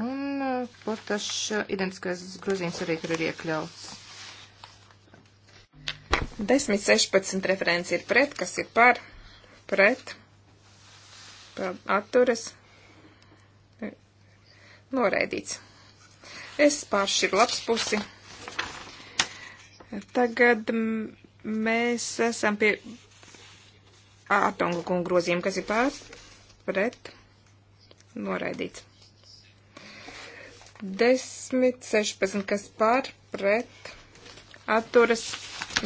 Un uh, potašs uh, identiskais grozījums arī tur ir iekļauts. 10.16 referents ir pret, kas ir par, pret, par atturas, e, noraidīts. Es pāršķiru labs pusi. Tagad mēs esam pie ārtonga kunga grozījuma, kas ir pār, pret noraidīts. 10, 16, kas par pret atturas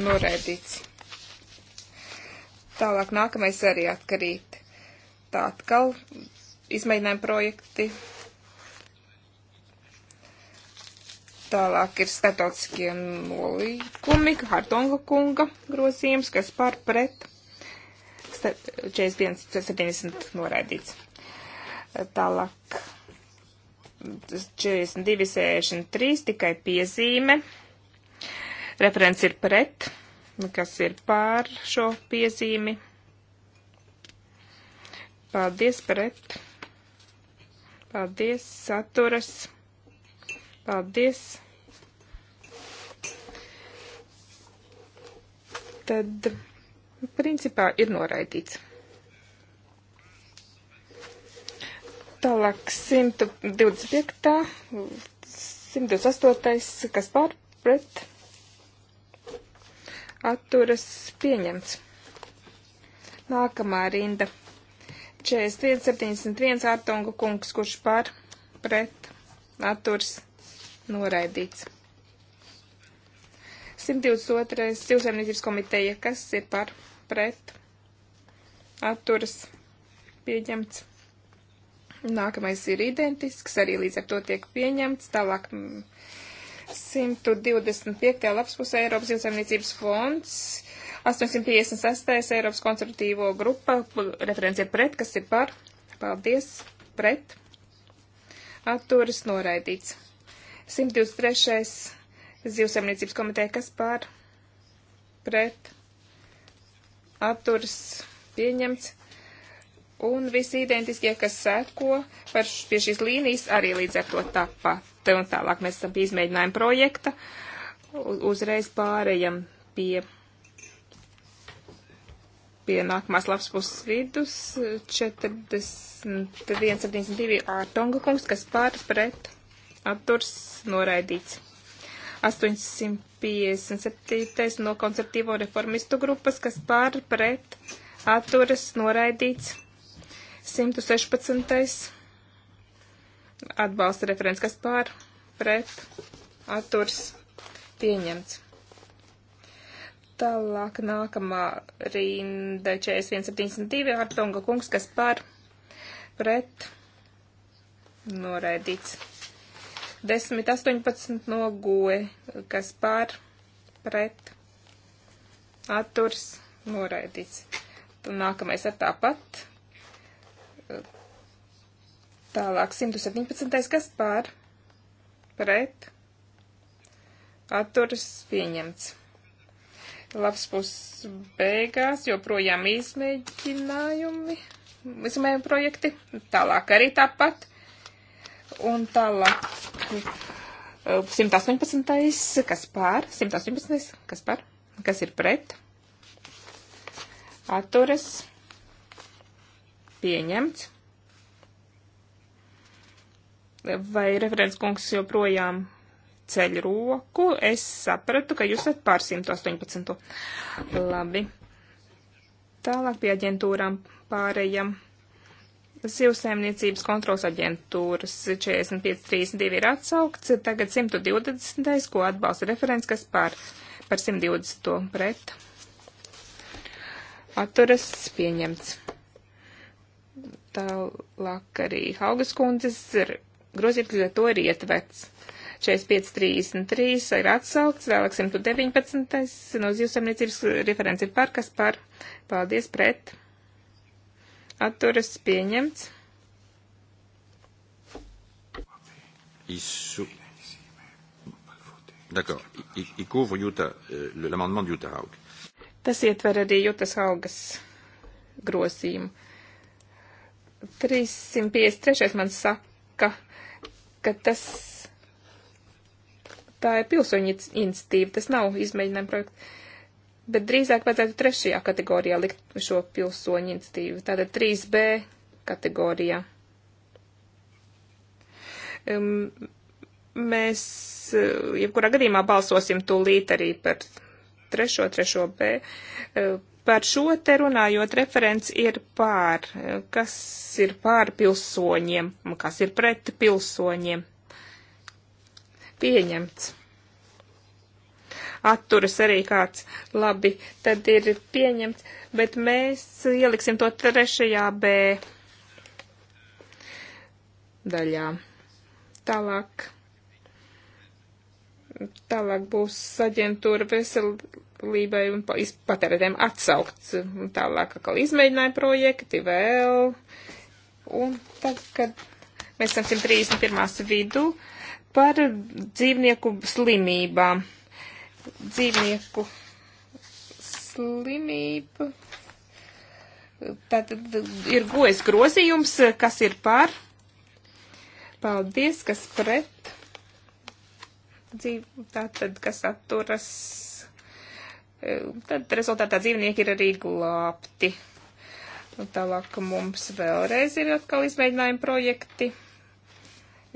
noraidīts. Tālāk nākamais arī atkarīt. Tā atkal izmēģinājuma projekti. Tālāk ir startautiskie nolīgumi, Hartonga kunga grozījums, kas par pret 41, 70 noraidīts. Tālāk 42, 63 tikai piezīme. Referents ir pret, kas ir pār šo piezīmi. Paldies pret. Paldies, saturas. Paldies. Tad principā ir noraidīts. Tālāk 125. 128. kas pārpret atturas pieņemts. Nākamā rinda. 41, 71 ārtongu kungs, kurš pārpret atturas noraidīts. 122. Cilvēmniecības komiteja, kas ir par pret atturas pieņemts. Nākamais ir identisks, arī līdz ar to tiek pieņemts. Tālāk 125. Mm, lapspusē Eiropas Zivsaimniecības fonds, 856. Eiropas konservatīvo grupa, referencija pret, kas ir par, paldies, pret, atturis noraidīts. 123. Zivsaimniecības komiteja, kas pār pret atturas pieņemts. Un visi identiskie, kas sēko par pie šīs līnijas, arī līdz ar to tāpat. Un tālāk mēs esam pie izmēģinājuma projekta. Uzreiz pārējam pie, pie nākamās lapas puses vidus 41.72 Ārtonga kungs, kas pār pret atturs noraidīts. 857. no konceptīvo reformistu grupas, kas pār pret atturas noraidīts. 116. atbalsta referents, kas pār pret atturas pieņemts. Tālāk nākamā rinda 4172 Artonga kungs, kas par pret noraidīts. 10, 18 no goe, kas pār, pret, atturs, noraidīts. Un nākamais ar tāpat. Tālāk 117, kas pār, pret, atturs, pieņemts labs puses beigās, joprojām izmēģinājumi, izmēģinājumi projekti, tālāk arī tāpat. Un tālāk 118. kas pār, 118. kas pār, kas ir pret, atturas, pieņemts. Vai referents kungs joprojām ceļ roku? Es sapratu, ka jūs esat pār 118. Labi. Tālāk pie aģentūrām pārējām. Zivsaimniecības kontrols aģentūras 45.32 ir atsaukts, tagad 120. ko atbalsta referents, kas par, par 120. pret. Atturas pieņemts. Tālāk arī Haugas kundzes grozījums, ka to ir ietverts. 45.33 ir atsaukts, vēlāk 119. no zivsaimniecības referents ir par, kas par. Paldies pret atturas pieņemts. Isu. D'accord. Il, il couvre Utah, euh, l'amendement de Utah Haug. Tas ietver arī Jutas Haugas grozījumu. 353. man saka, ka tas tā ir pilsoņu iniciatīva, tas nav izmēģinājuma projekts bet drīzāk vajadzētu trešajā kategorijā likt šo pilsoņu iniciatīvu, tātad 3B kategorijā. Um, mēs, e, jebkurā gadījumā, balsosim tūlīt arī par trešo, trešo B. E, par šo te runājot, referents ir pār, e, kas ir pār pilsoņiem, kas ir pret pilsoņiem. Pieņemts atturas arī kāds labi, tad ir pieņemts, bet mēs ieliksim to trešajā B daļā. Tālāk. Tālāk būs aģentūra veselībai un patērētēm atsaukts. Tālāk atkal izmēģināja projekti vēl. Un tad, kad mēs esam 131. vidu par dzīvnieku slimībām dzīvnieku slimību. Tātad ir gojas grozījums, kas ir par. Paldies, kas pret. Dzīv, tātad, kas atturas. Tad rezultātā dzīvnieki ir arī glābti. Un nu, tālāk mums vēlreiz ir atkal izmēģinājumi projekti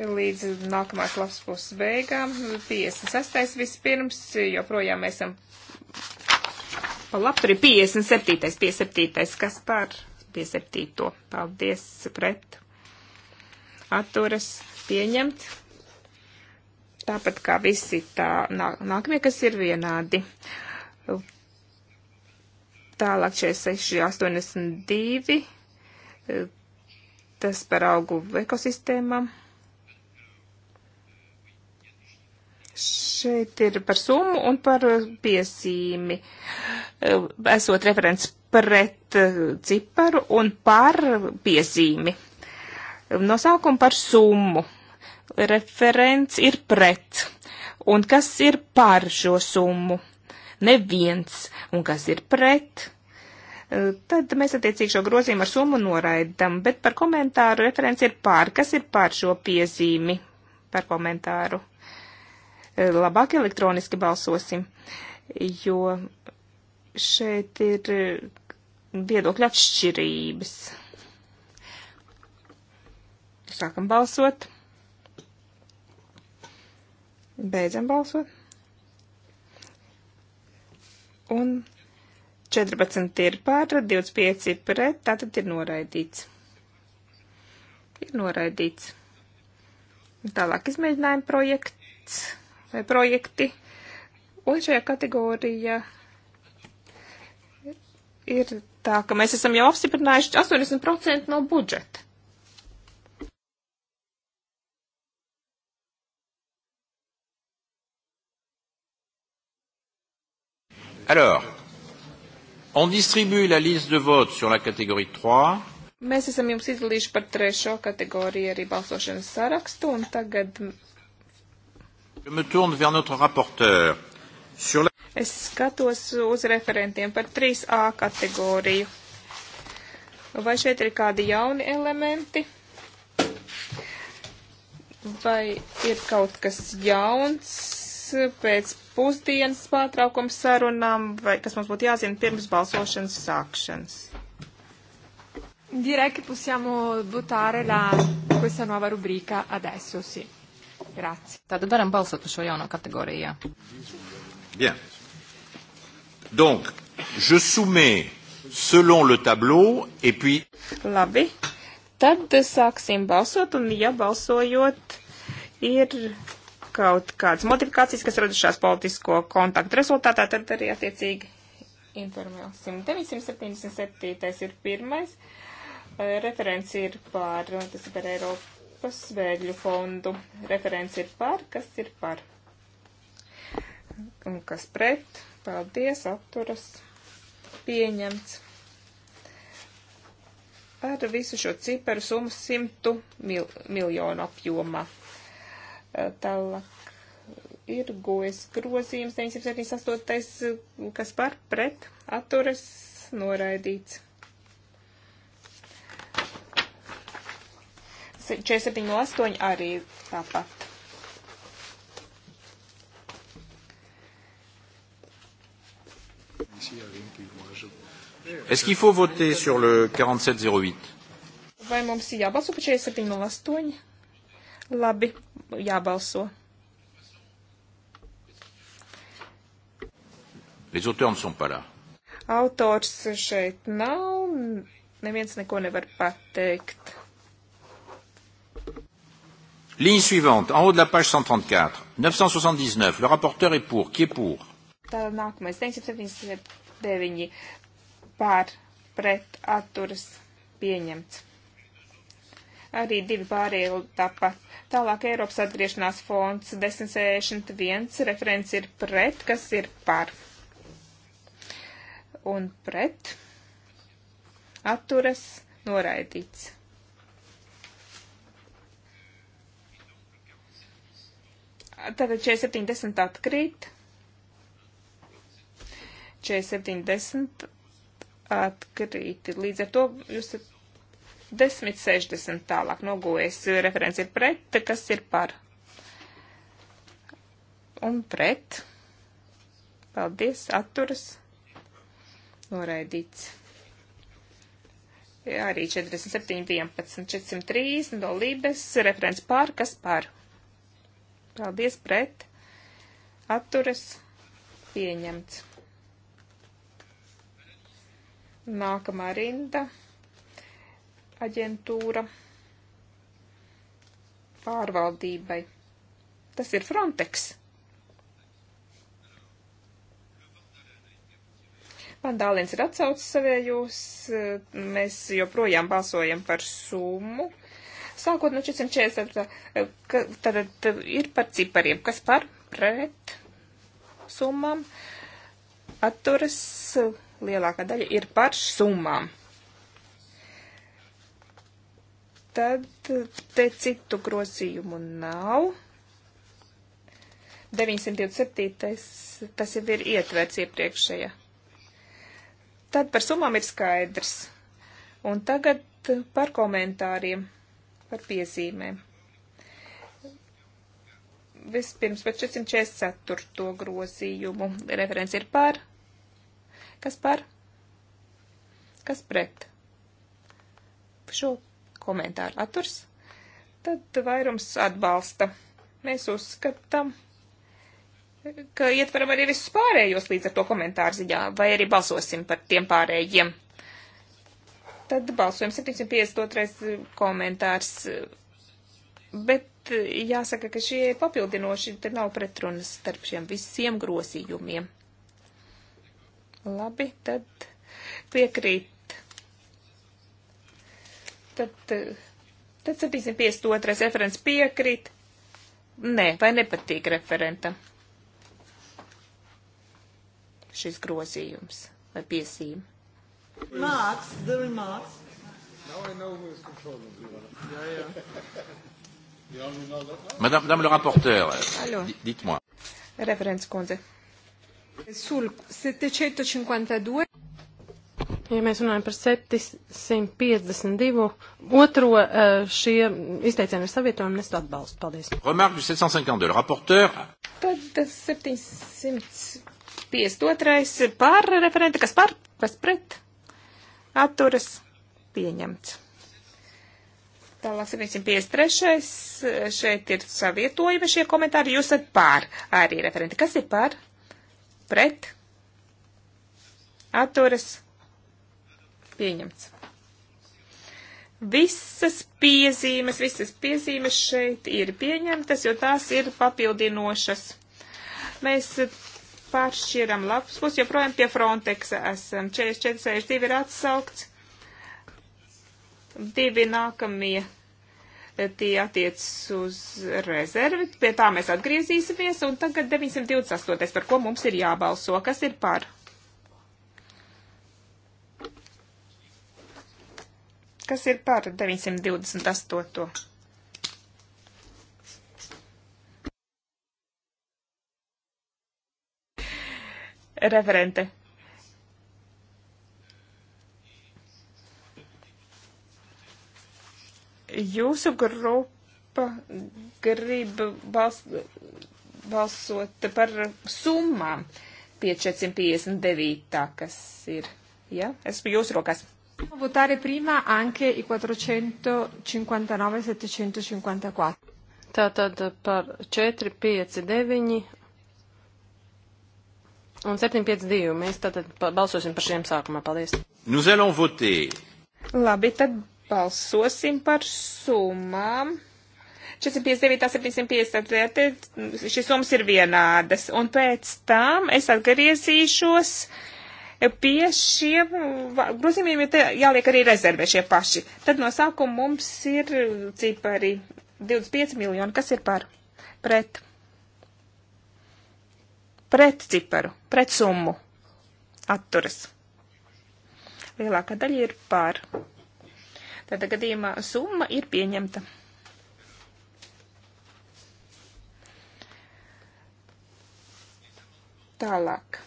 līdz nākamās lapas puses beigām. 56. vispirms, joprojām mēs esam pa labu, tur ir 57. 57. kas par 57. Paldies, pret. Atturas pieņemt. Tāpat kā visi tā nā, nākamie, kas ir vienādi. Tālāk 46, 82. Tas par augu ekosistēmām Šeit ir par summu un par piezīmi. Esot referents pret ciparu un par piezīmi. No sākuma par summu. Referents ir pret. Un kas ir par šo summu? Neviens. Un kas ir pret? tad mēs attiecīgi šo grozījumu ar summu noraidam, bet par komentāru referents ir pār, kas ir pār šo piezīmi par komentāru. E, labāk elektroniski balsosim, jo šeit ir e, viedokļa atšķirības. Sākam balsot. Beidzam balsot. Un 14 ir pār, 25 pret, tātad ir noraidīts. Ir noraidīts. Tālāk izmēģinājuma projekts vai projekti. Otrajā kategorija ir tā, ka mēs esam jau apstiprinājuši 80% no budžeta. Alors, on distribue la liste de vote sur la catégorie 3. Mēs esam jums izdalījuši par trešo kategoriju arī balsošanas sarakstu, un tagad Es skatos uz referentiem par 3A kategoriju. Vai šeit ir kādi jauni elementi? Vai ir kaut kas jauns pēc pusdienas pārtraukuma sarunām, vai kas mums būtu jāzina pirms balsošanas sākšanas? Direi che possiamo votare la, questa nuova rubrica adesso, sì. Grāci. Tātad varam balsot par šo jauno kategoriju, jā. Bien. Donc, je soumets selon le tableau et puis. Labi. Tad sāksim balsot un, ja balsojot, ir kaut kādas modifikācijas, kas radušās politisko kontaktu rezultātā, tad arī attiecīgi informēsim. 977. ir pirmais. Referents ir par, tas ir par Eiropu Eiropas bēgļu fondu. Referents ir par, kas ir par. Un kas pret? Paldies, atturas. Pieņemts. Par visu šo ciparu summu simtu mil miljonu apjomā. E, tālāk ir gojas grozījums 978, kas par pret atturas noraidīts. 4708 arī tāpat. Est-ce qu'il faut voter sur le 4708 Vai mums jābalso par 4708? Labi, jābalso. Les auteurs ne sont pas là. Autors šeit nav, neviens neko nevar pateikt. Ligne suivante, en haut de la page 134, 979. Le rapporteur est pour. Qui est pour? Tālāk nākamais, 979 pār pret atturas pieņemts. Arī divi pārējie tāpat. Tālāk Eiropas atgriešanās fonds 1061, referents ir pret, kas ir par. Un pret atturas noraidīts. Tātad 470 atkrīt. 470 atkrīt. Līdz ar to jūs esat 1060 tālāk nogūjies. Referents ir pret, kas ir par. Un pret. Paldies, atturas. Noraidīts. Arī 47, 11, 430 no Lībes. Referents par, kas par. Paldies pret. Atturas pieņemts. Nākamā rinda. Aģentūra pārvaldībai. Tas ir Frontex. Vandālins ir atsaucis savējos, mēs joprojām balsojam par summu, Sākot no 440, eh, tad ir par cipariem, kas par pret summām atturas lielākā daļa ir par summām. Tad te citu grozījumu nav. 927. tas jau ir ietverts iepriekšējā. Tad par summām ir skaidrs. Un tagad par komentāriem par piezīmēm. Vispirms par 444. grozījumu referents ir par. Kas par? Kas pret? Šo komentāru atturs. Tad vairums atbalsta. Mēs uzskatām, ka ietveram arī visus pārējos līdz ar to komentāru ziņā, vai arī balsosim par tiem pārējiem. Tad balsojam 752. komentārs. Bet eh, jāsaka, ka šie papildinoši te nav pretrunas starp šiem visiem grozījumiem. Labi, tad piekrīt. Tad, eh, tad 752. referents piekrīt. Nē, vai nepatīk referentam šis grozījums vai piesīme? Remarks, the remarks. Now I know who is controlling you. Yeah, yeah. you only know that now? Madame, Madame le rapporteur, dites-moi. Referents kundze. Sul 752. Ja mēs runājam par 752, otro eh, šie izteicieni ar savietojumu nestu atbalstu. Paldies. Remarque du 752, le rapporteur. Tad 752 par referenti, kas par, kas pret, atturas pieņemts. Tālāk 753. Šeit ir savietojumi šie komentāri. Jūs esat pār arī referenti. Kas ir pār? Pret? Atturas? Pieņemts. Visas piezīmes, visas piezīmes šeit ir pieņemtas, jo tās ir papildinošas. Mēs pāršķiram lapus, joprojām pie Frontexa esam. 4462 ir atsaukts, divi nākamie eh, tie attiec uz rezervi, pie tā mēs atgriezīsimies, un tagad 928, par ko mums ir jābalso, kas ir par. Kas ir par 928? referente. Jūsu grupa grib bals balsot par summām 559, kas ir, ja, esmu jūsu rokās. Votare prima anche i 459 754. Tātad par 4, 5, 9 un 752. Mēs tātad balsosim par šiem sākumā. Paldies. Nous allons voter. Labi, tad balsosim par summām. 459, 750, šīs summas ir vienādas. Un pēc tam es atgriezīšos pie šiem grozījumiem, jo te jāliek arī rezervē šie paši. Tad no sākuma mums ir cipari 25 miljoni, kas ir par pret pret ciparu, pret summu atturas. Lielākā daļa ir pār. Tādā gadījumā summa ir pieņemta. Tālāk.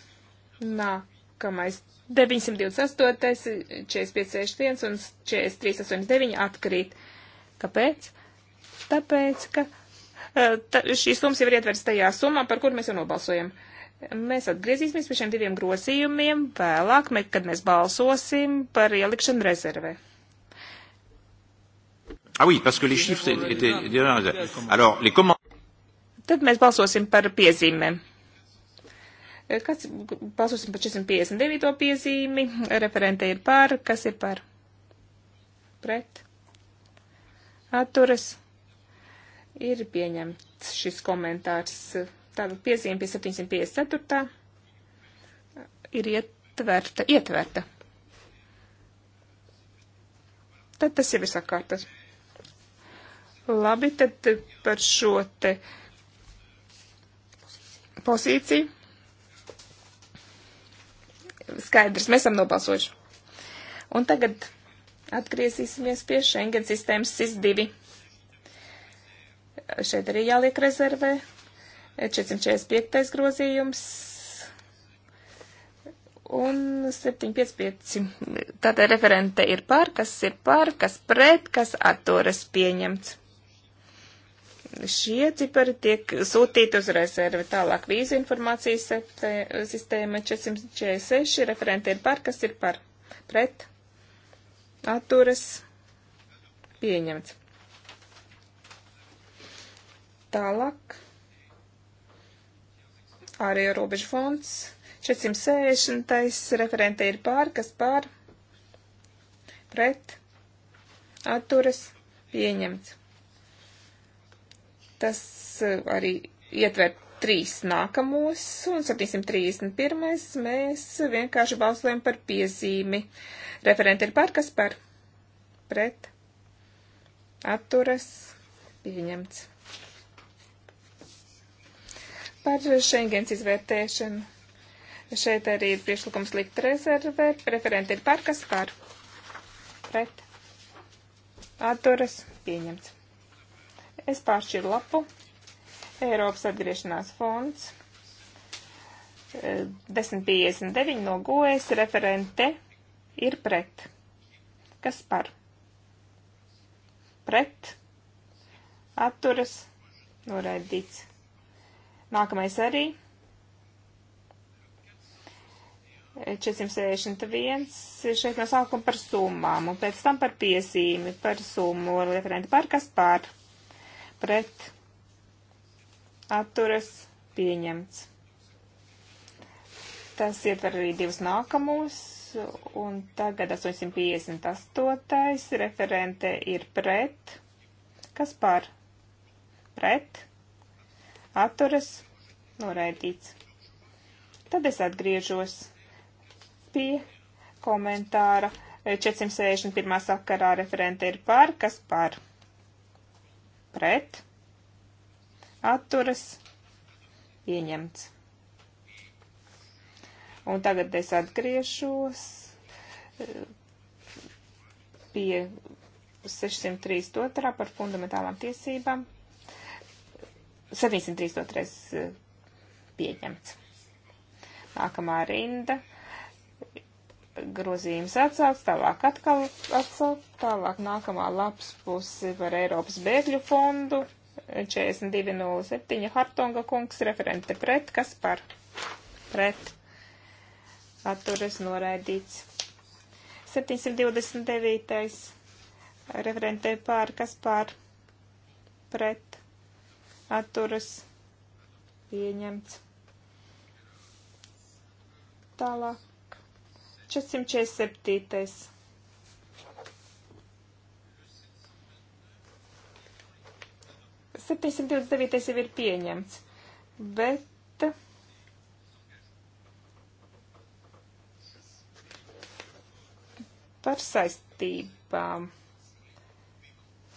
Nākamais 928, 4561 un 4389 atkrīt. Kāpēc? Tāpēc, ka eh, tā, šī summa jau ir ietverts tajā summā, par kur mēs jau nobalsojam. Uh, Mēs atgriezīsimies pie šiem diviem grozījumiem vēlāk, kad mēs balsosim par ielikšanu rezervē. Ah oui, parce que les chiffres étaient déjà. Alors, les comment... Tad mēs balsosim par piezīmēm. Kas balsosim par 459. piezīmi? Referente ir par. Kas ir par? Pret. Atturas. Ir pieņemts šis komentārs. Tātad piezīme pie 754. ir ietverta, ietverta. Tad tas jau ir sakārtas. Labi, tad par šo te pozīciju. Skaidrs, mēs esam nobalsojuši. Un tagad atgriezīsimies pie Schengen sistēmas SIS-2. Šeit arī jāliek rezervē 445. grozījums un 755. Tātad referente ir par, kas ir par, kas pret, kas atturas pieņemts. Šie cipari tiek sūtīti uz rezervi. Tālāk vīzu informācijas sistēma 446. Referente ir par, kas ir par, pret, atturas pieņemts. Tālāk ārējo robežu fonds. 460. referente ir pār, kas pār, pret, atturas, pieņemts. Tas eh, arī ietver trīs nākamos, un 731. mēs vienkārši balsojam par piezīmi. Referente ir pār, kas pār, pret, atturas, pieņemts. Par Schengens izvērtēšanu. Šeit arī ir priekšlikums likt rezervē. Referenti ir par, kas par. Pret. Atturas pieņemts. Es pāršķiru lapu. Eiropas atgriešanās fonds. 10.59 eh, no gojas referente ir pret. Kas par? Pret. Atturas. Noraidīts. Nākamais arī. 461 šeit no sākuma par summām un pēc tam par piesīmi, par summu referenti par kas par pret atturas pieņemts. Tas ietver arī divus nākamos un tagad 858 referente ir pret kas par pret atturas noraidīts. Tad es atgriežos pie komentāra 461. E, sakarā referente ir par, kas par pret atturas pieņemts. Un tagad es atgriežos e, pie 603. par fundamentālām tiesībām. 732. Eh, pieņemts. Nākamā rinda. Grozījums atsaukt, tālāk atkal atsaukt, tālāk nākamā laps pusi par Eiropas bēgļu fondu. 42.07. Hartonga kungs, referente pret, kas par pret atturas noraidīts. 729. referente pār, kas pār pret atturas pieņemts. Tālāk 447. Septiņsimt divdesmit devītais jau ir pieņemts, bet par saistībām.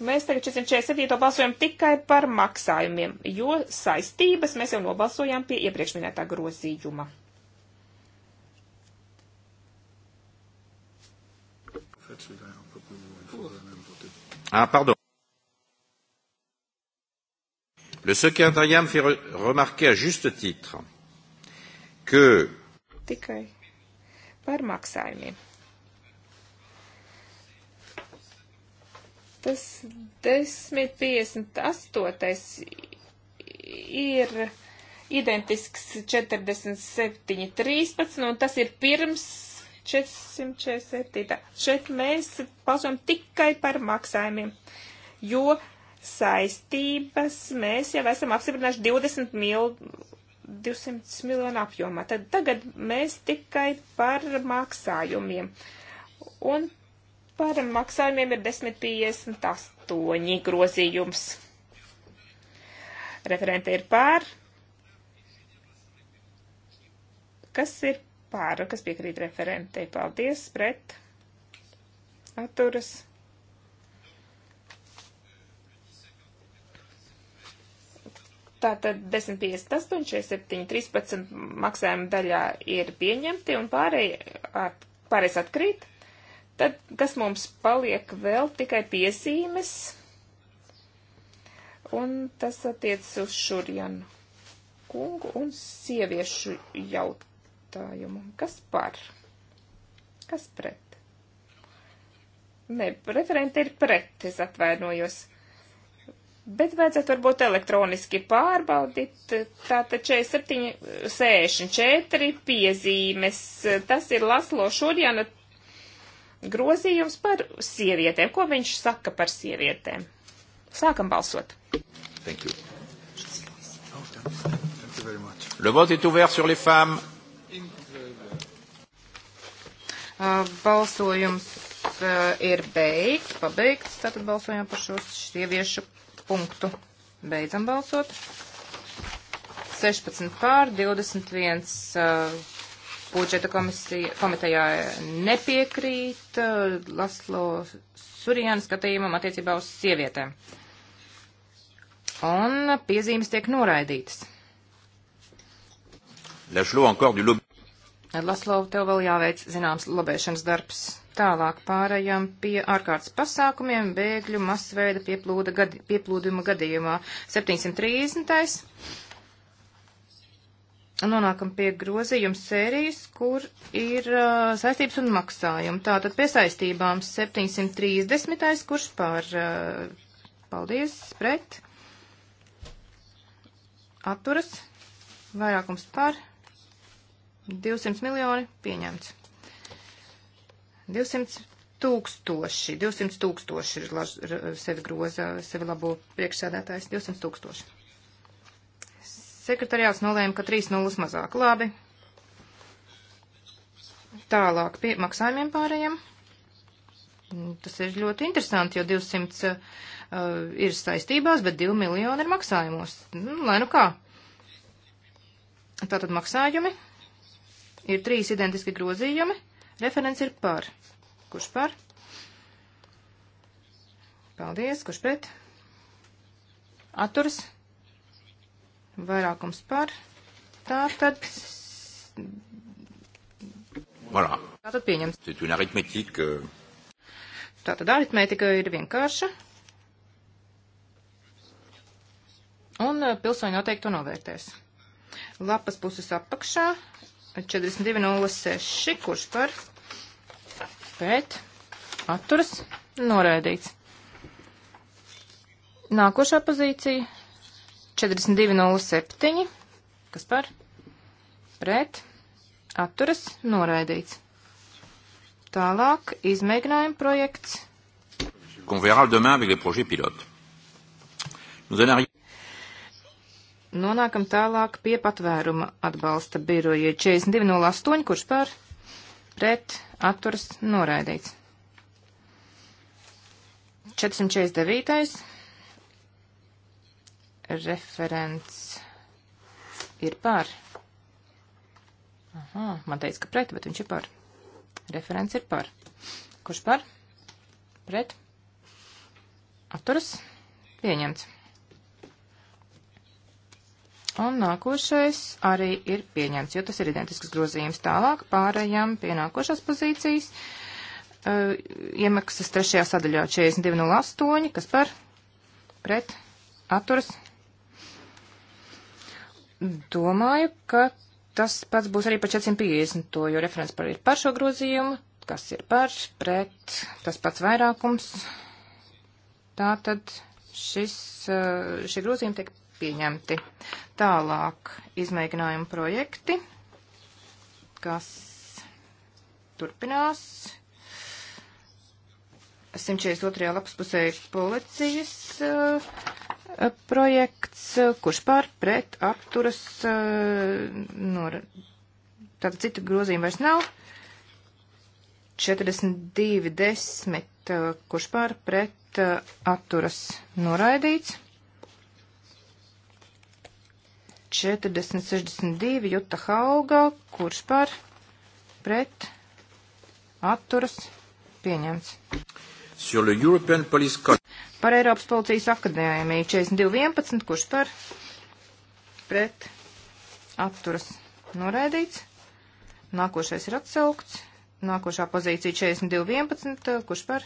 Mēs tagad 447. balsojam tikai par maksājumiem, jo saistības mēs jau nobalsojām pie iepriekš minētā grozījuma. Ah, pardon. Le secrétariat me fait re remarquer à juste titre que. Tikai par maksājumiem. Tas 10.58 ir identisks 47.13, un tas ir pirms 447. Šeit mēs balsojam tikai par maksājumiem, jo saistības mēs jau esam apstiprinājuši 20 mil, 200 miljonu apjomā. Tad tagad mēs tikai par maksājumiem. Un Par maksājumiem ir 1058 grozījums. Referente ir pār. Kas ir pār? Kas piekrīt referentei? Paldies. Pret. Atturas. Tātad 10, 58, 47, 13 maksājuma daļā ir pieņemti un pārējais at, pārēj atkrīt. Tad, kas mums paliek vēl, tikai piezīmes, un tas attiec uz šurienu kungu un sieviešu jautājumu. Kas par? Kas pret? Nē, referente ir pret, es atvainojos. Bet vajadzētu varbūt elektroniski pārbaudīt. Tātad 47, 64 piezīmes. Tas ir Laslo Šurjana grozījums par sievietēm. Ko viņš saka par sievietēm? Sākam balsot. Thank you. Thank you very much. Le vote est ouvert sur les femmes. Uh, balsojums uh, ir beigts, pabeigts, tātad balsojam par šo sieviešu punktu. Beidzam balsot. 16 pār, 21 uh, budžeta komisija, komitejā nepiekrīt eh, Laslo Surijana skatījumam attiecībā uz sievietēm. Un piezīmes tiek noraidītas. Laslo, tev vēl jāveic zināms lobēšanas darbs. Tālāk pārējām pie ārkārtas pasākumiem bēgļu masveida pieplūda gadi, pieplūduma gadījumā 730 nonākam pie grozījuma sērijas, kur ir uh, saistības un maksājumi. Tātad pie saistībām 730, kurš pār, uh, paldies, pret, atturas, vairākums par, 200 miljoni pieņemts. 200 tūkstoši, 200 tūkstoši ir laž, sevi groza, sevi labo priekšsēdētājs, 200 tūkstoši. Sekretariāts nolēma, ka trīs nulles mazāk labi. Tālāk pie maksājumiem pārējiem. Tas ir ļoti interesanti, jo 200 uh, ir saistībās, bet 2 miljoni ir maksājumos. Nu, lai nu kā. Tātad maksājumi. Ir trīs identiski grozījumi. Referents ir par. Kurš par? Paldies. Kurš pret? Atturs. Vairākums par. Tātad. Voilà. Tātad pieņems. C'est une arithmétique. Euh, Tātad aritmētika ir vienkārša. Un eh, pilsoņi noteikti to novērtēs. Lapas puses apakšā 4206, kurš par pret atturas noraidīts. Nākošā pozīcija 4207, kas par pret atturas noraidīts. Tālāk izmēģinājuma projekts. Qu'on verra demain avec les projets pilotes. Nous en arrivons. Nonākam tālāk pie patvēruma atbalsta biroja 4208, kurš par pret atturas noraidīts. 449 referents ir par. Aha, man teica, ka pret, bet viņš ir par. Referents ir par. Kurš par? Pret. Atturas. Pieņemts. Un nākošais arī ir pieņemts, jo tas ir identisks grozījums. Tālāk pārējām pie nākošās pozīcijas. Uh, iemaksas trešajā sadaļā 4208, kas par pret atturas domāju, ka tas pats būs arī par 450, jo referents par ir par šo grozījumu, kas ir par, pret, tas pats vairākums. Tātad šis, eh, šie grozījumi tiek pieņemti. Tālāk izmēģinājumu projekti, kas turpinās. 142. lapspusē policijas uh, Eh, projekts, eh, kurš pār pret apturas, eh, no, tāda cita grozījuma vairs nav. 42, 10, kurš pār pret atturas noraidīts. 40, 62, Juta Hauga, kurš pār pret atturas pieņemts sur le European Police College. Par Eiropas policijas akadēmiju 4211, kurš par pret atturas noraidīts. Nākošais ir atsaukts. Nākošā pozīcija 4211, kurš par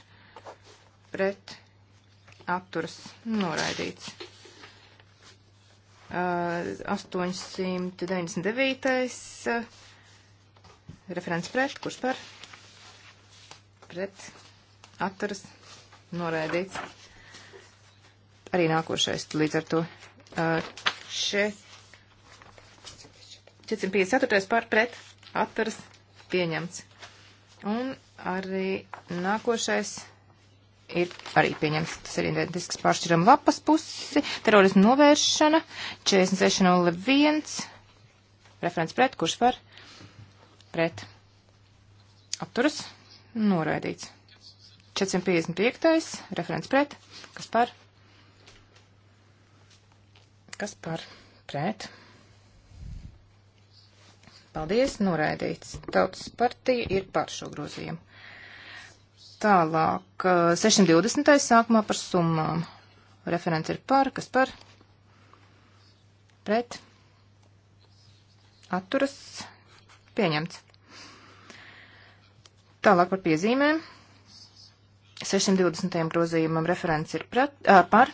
pret atturas noraidīts. Uh, 899. Uh, referents pret, kurš par pret atturas noraidīts. Arī nākošais līdz ar to. Uh, še 454. par pret atturas pieņemts. Un arī nākošais ir arī pieņemts. Tas ir identisks pāršķiram lapas pusi. Terorismu novēršana 4601. Referents pret, kurš var? Pret. Apturas. Noraidīts. 455. referents pret, kas par, kas par, pret. Paldies, noraidīts. Tautas partija ir par šo grozījumu. Tālāk, 620. sākumā par summām. Referents ir par, kas par? Pret. Atturas. Pieņemts. Tālāk par piezīmēm. 620. grozījumam referents ir pret, ā, par.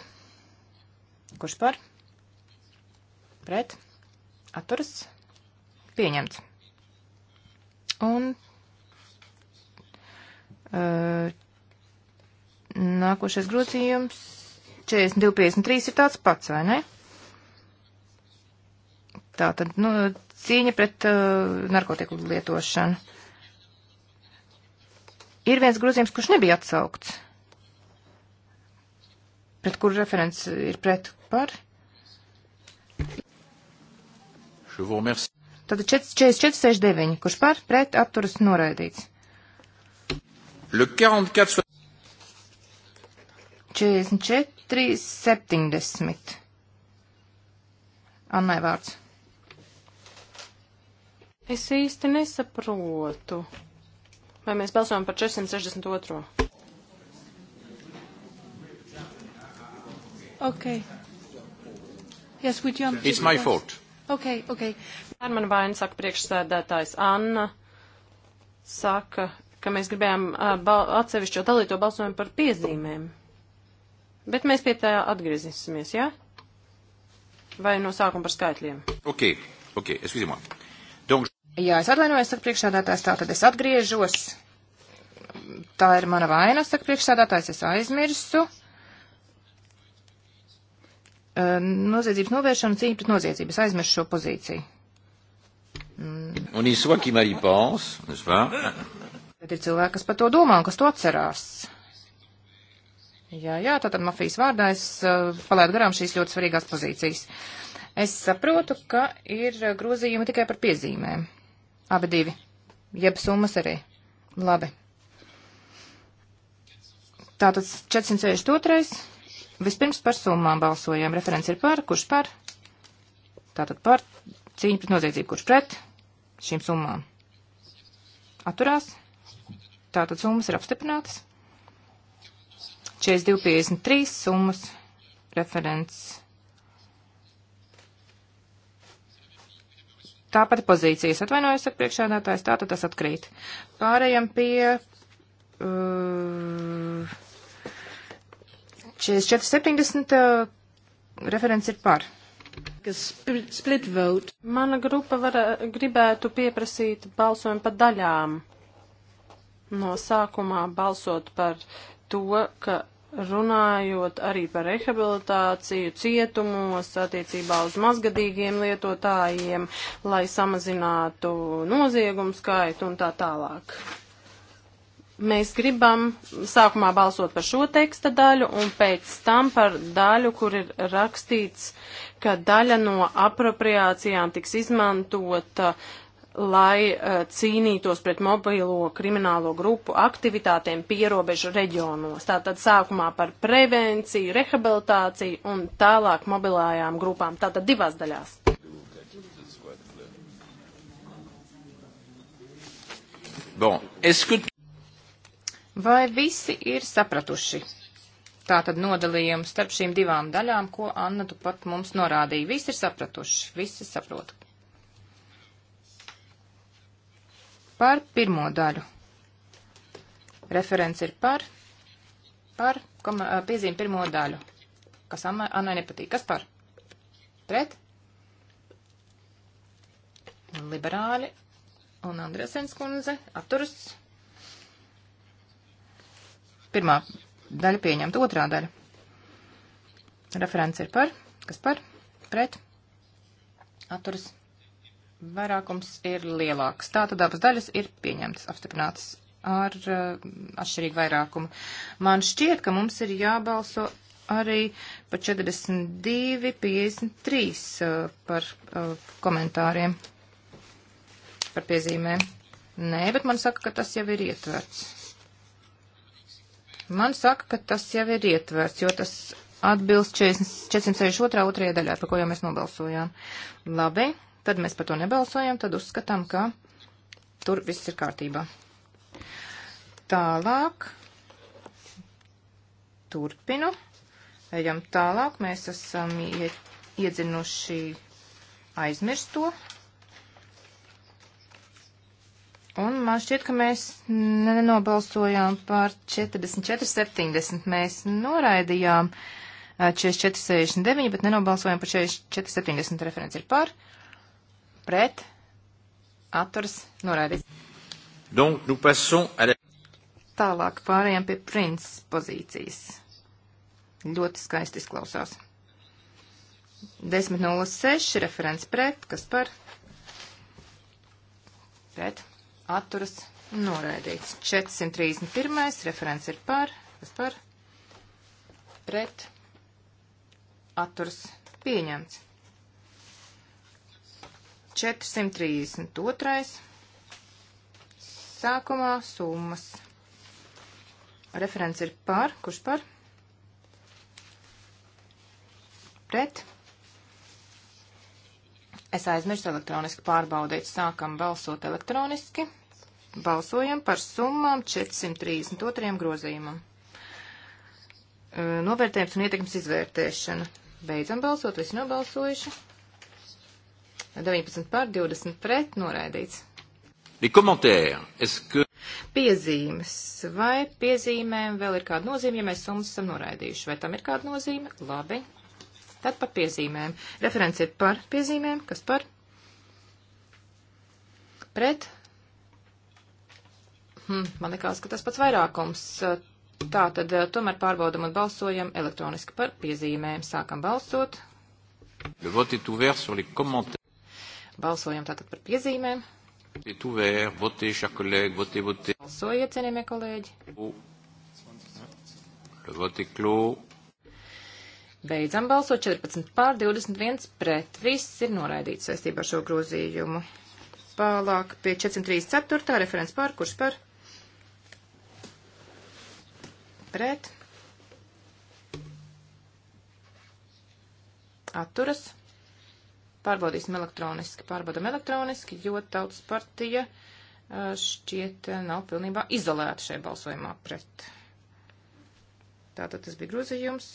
Kurš par? Pret. Atturas. Pieņemts. Un uh, nākošais grozījums 42.53 ir tāds pats, vai ne? Tā tad, nu, cīņa pret uh, narkotiku lietošanu. Ir viens grozījums, kurš nebija atsaukts. Pret kuru referents ir pret par? Tātad 4469, kurš par pret atturas noraidīts. 44, 44 70. Annai vārds. Es īsti nesaprotu. Vai mēs balsojam par 462? Okay. Yes, we jump. It's my fault. Okay, okay. Ar manu vainu saka priekšsēdētājs Anna, saka, ka mēs gribējām atsevišķo dalīto balsojumu par piezīmēm. Bet mēs pie tā atgriezīsimies, jā? Ja? Vai no sākuma par skaitļiem? Ok, ok, es visimā. Jā, es atvainojos, saka priekšsādātājs, tā tad es atgriežos. Tā ir mana vaina, saka priekšsādātājs, es aizmirsu. Noziedzības novēršana, cīņa pret noziedzību, es aizmirsu šo pozīciju. Un īsva, kim arī pāls, es vēl. Tad ir cilvēki, kas par to domā un kas to atcerās. Jā, jā, tātad mafijas vārdā es palēdu garām šīs ļoti svarīgās pozīcijas. Es saprotu, ka ir grozījumi tikai par piezīmēm. Abi divi. Jeb summas arī. Labi. Tātad 462. Vispirms par summām balsojam. Referents ir par, kurš par. Tātad par cīņu pret noziedzību, kurš pret šīm summām. Atturās. Tātad summas ir apstiprinātas. 4253 summas referents tā pati pozīcija. Es atvainojos, saka priekšādātājs, tā tad tas atkrīt. Pārējam pie. Uh, 4470 uh, referents ir par. Split vote. Mana grupa var, gribētu pieprasīt balsojumu pa daļām. No sākumā balsot par to, ka runājot arī par rehabilitāciju cietumos attiecībā uz mazgadīgiem lietotājiem, lai samazinātu noziegumu skaitu un tā tālāk. Mēs gribam sākumā balsot par šo teksta daļu un pēc tam par daļu, kur ir rakstīts, ka daļa no apropriācijām tiks izmantota uh, lai uh, cīnītos pret mobīlo kriminālo grupu aktivitātēm pierobežu reģionos. Tātad sākumā par prevenciju, rehabilitāciju un tālāk mobilājām grupām. Tātad divās daļās. Bon, que... Vai visi ir sapratuši? Tātad nodalījums starp šīm divām daļām, ko Anna tu pat mums norādīja. Visi ir sapratuši, visi saprotu. par pirmo daļu. Referents ir par, par piezīmi pirmo daļu, kas Annai nepatīk. Kas par? Pret? Liberāli un Andresens kundze atturas. Pirmā daļa pieņemta, otrā daļa. Referents ir par, kas par, pret, atturas vairākums ir lielāks. Tātad abas daļas ir pieņemtas, apstiprinātas ar uh, atšķirīgu vairākumu. Man šķiet, ka mums ir jābalso arī eh, par 42, 53 uh, eh, par uh, komentāriem, par piezīmēm. Nē, bet man saka, ka tas jau ir ietverts. Man saka, ka tas jau ir ietverts, jo tas atbilst 462. otrajai daļai, par ko jau mēs nobalsojām. Labi tad mēs par to nebalsojam, tad uzskatām, ka tur viss ir kārtībā. Tālāk. Turpinu. Ejam tālāk. Mēs esam iedzinuši aizmirsto. Un man šķiet, ka mēs nenobalsojām par 44,70. Mēs noraidījām 44,69, eh, bet nenobalsojām par 44,70. Referents ir par. Uh, pret, atturas noraidīts. Donc, nous passons à la... Tālāk pārējām pie prints pozīcijas. Ļoti skaisti izklausās. 10.06 referents pret, kas par pret atturas noraidīts. 431. referents ir par, kas par pret atturas pieņemts. 432. Sākumā summas. Referents ir par, kurš par? Pret. Es aizmirsu elektroniski pārbaudīt. Sākam balsot elektroniski. Balsojam par summām 432 grozījumam. Novērtējums un ietekmes izvērtēšana. Beidzam balsot, visi nobalsojuši. 19 pār 20 pret noraidīts. Que... Piezīmes. Vai piezīmēm vēl ir kāda nozīme, ja mēs summas esam noraidījuši? Vai tam ir kāda nozīme? Labi. Tad par piezīmēm. Referents ir par piezīmēm. Kas par? Pret? Hm, man liekas, ka tas pats vairākums. Tā tad eh, tomēr pārbaudam un balsojam elektroniski par piezīmēm. Sākam balsot. Le vote est ouvert sur les commentaires. Balsojam tātad par piezīmēm. Tuvēr, votē, kolēģi, votē, votē. Balsojiet, cienījamie kolēģi. Votē, klū. Beidzam balsot 14 pār 21 pret. Viss ir noraidīts saistībā ar šo grozījumu. Pālāk pie 434. referents pār, kurš par? Pret. Atturas. Pārbaudīsim elektroniski. Pārbaudam elektroniski, jo tautas partija šķiet nav pilnībā izolēta šajā balsojumā pret. Tātad tas bija grozījums.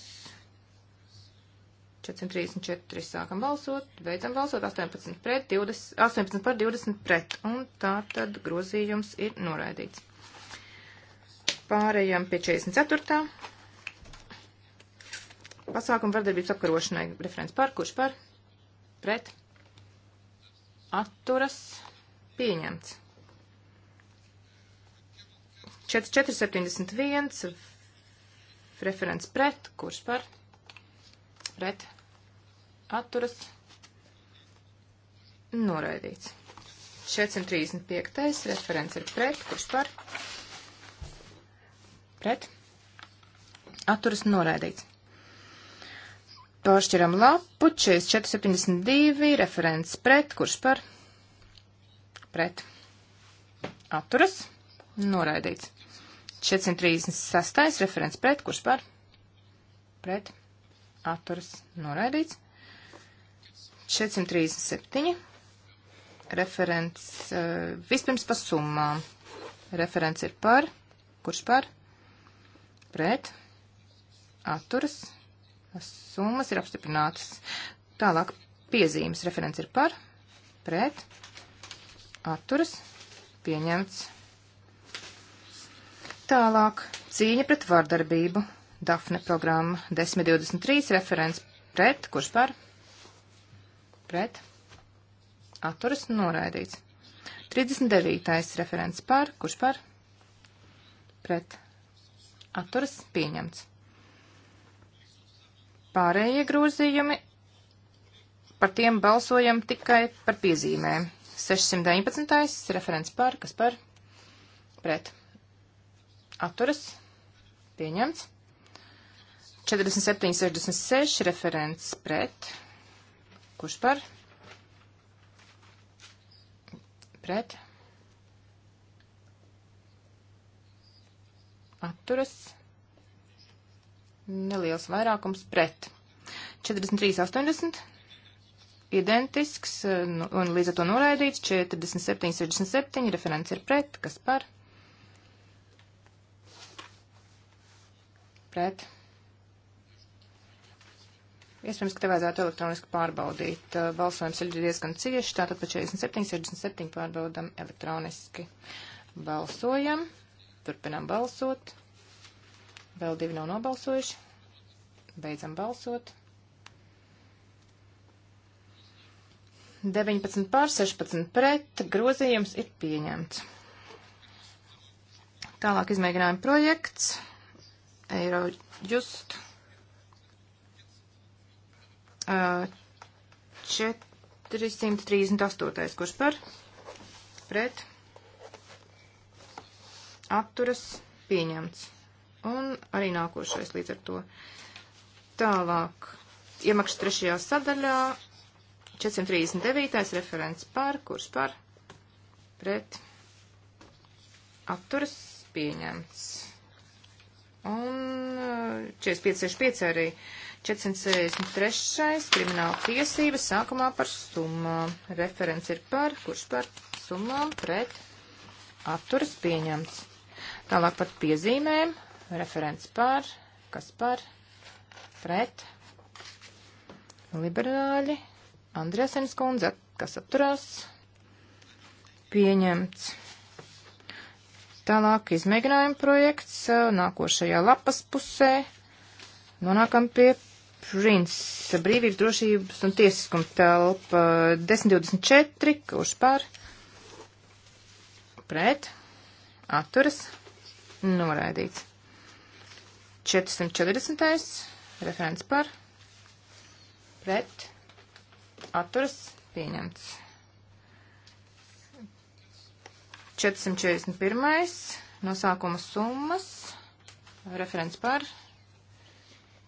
434 sākam balsot, beidzam balsot 18, pret, 20, 18 par 20 pret, un tā tad grozījums ir noraidīts. Pārējām pie 44. Pasākumu vardarbības apkarošanai referents par, kurš par, pret atturas pieņemts. 4471 referents pret, kurš par pret atturas noraidīts. 435. referents ir pret, kurš par pret atturas noraidīts. Pāršķiram lapu, 4472, referents pret, kurš par? Pret. Atturas. Noraidīts. 436, referents pret, kurš par? Pret. Atturas. Noraidīts. 437. Referents eh, vispirms pa summām. Referents ir par, kurš par? Pret. Atturas summas ir apstiprinātas. Tālāk piezīmes referents ir par, pret, atturas, pieņemts. Tālāk cīņa pret vardarbību. Dafne programma 1023 referents pret, kurš par, pret, atturas, noraidīts. 39. referents par, kurš par, pret, atturas, pieņemts. Pārējie grozījumi par tiem balsojam tikai par piezīmēm. 619. referents par, kas par, pret, atturas, pieņemts. 47,66 referents pret, kurš par, pret, atturas, pieņemts neliels vairākums pret. 43,80 identisks eh, nu, un līdz ar to noraidīts. 47,67 referents ir pret, kas par? Pret. Iespējams, ka te vajadzētu elektroniski pārbaudīt. Eh, balsojums ir diezgan cieši, tātad pa 47, 67 pārbaudam elektroniski. Balsojam, turpinām balsot. Vēl divi nav nobalsojuši. Beidzam balsot. 19 pār 16 pret grozījums ir pieņemts. Tālāk izmēģinājuma projekts. Eiro just. Uh, 438. Kurš par? Pret. Atturas pieņemts un arī nākošais līdz ar to. Tālāk, iemakšas trešajā sadaļā, 439. referents par, kurš par, pret, atturas pieņemts. Un 4565 arī 463. krimināla tiesība sākumā par summām. Referents ir par, kurš par summām pret atturas pieņemts. Tālāk par piezīmēm Referents par, kas par, pret, liberāļi, Andriesens kundze, kas atturās, pieņemts. Tālāk izmēģinājuma projekts uh, nākošajā lapas pusē. Nonākam pie Prince, brīvības, drošības un tiesiskuma telpa 1024, kurš pār pret atturas noraidīts. 440. referents par pret atturas pieņemts. 441. no sākuma summas referents par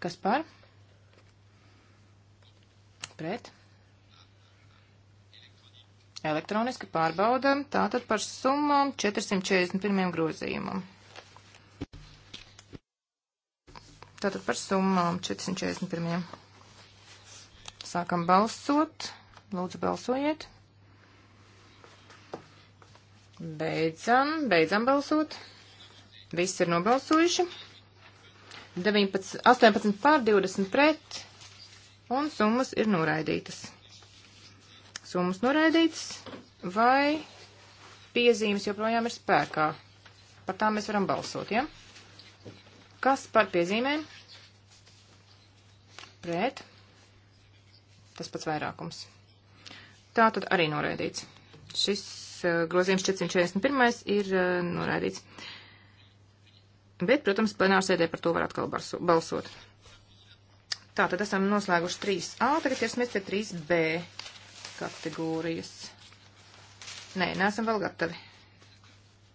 kas par pret elektroniski pārbaudam tātad par summām 441. grozījumam. Tātad par summām 441. Sākam balsot. Lūdzu, balsojiet. Beidzam, beidzam balsot. Viss ir nobalsojuši. 19, 18 pār 20 pret. Un summas ir noraidītas. Summas noraidītas vai piezīmes joprojām ir spēkā. Par tām mēs varam balsot, ja? Kas par piezīmēm? Pret. Tas pats vairākums. Tā tad arī noraidīts. Šis uh, grozījums 441 ir uh, noraidīts. Bet, protams, plenārsēdē par to var atkal barso, balsot. Tā, tad esam noslēguši 3A, tagad ķersimies pie 3B kategorijas. Nē, neesam vēl gatavi.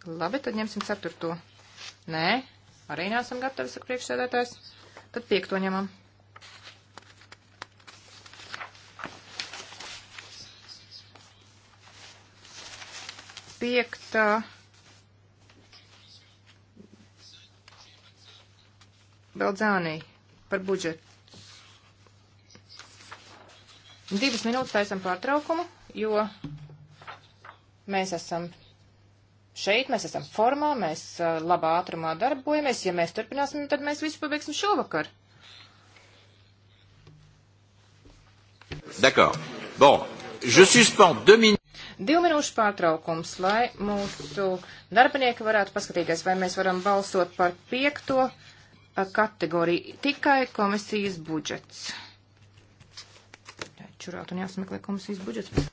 Labi, tad ņemsim 4. Nē, Arī neesam gatavi, saka priekšsēdētājs. Tad piekto ņemam. Piektā. Beldzānī par budžetu. Divas minūtes taisam pārtraukumu, jo mēs esam Šeit mēs esam formā, mēs uh, labā ātrumā darbojamies. Ja mēs turpināsim, tad mēs visu pabeigsim šovakar. D'accord. Bon, je suspends deux minūtes. Divu minūšu pārtraukums, lai mūsu darbinieki varētu paskatīties, vai mēs varam balsot par piekto uh, kategoriju tikai komisijas budžets. Čurāt un jāsmeklē komisijas budžets.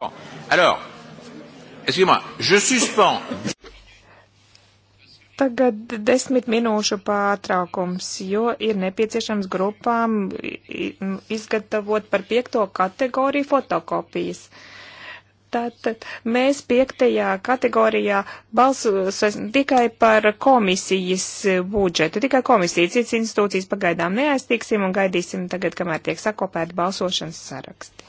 Bon. Alors, excusez-moi, je suspends. Tagad desmit minūšu pārtraukums, jo ir nepieciešams grupām izgatavot par piekto kategoriju fotokopijas. Tātad mēs piektajā kategorijā balsosim tikai par komisijas budžetu, tikai komisijas, cits institūcijas pagaidām neaiztiksim un gaidīsim tagad, kamēr tiek sakopēti balsošanas saraksti.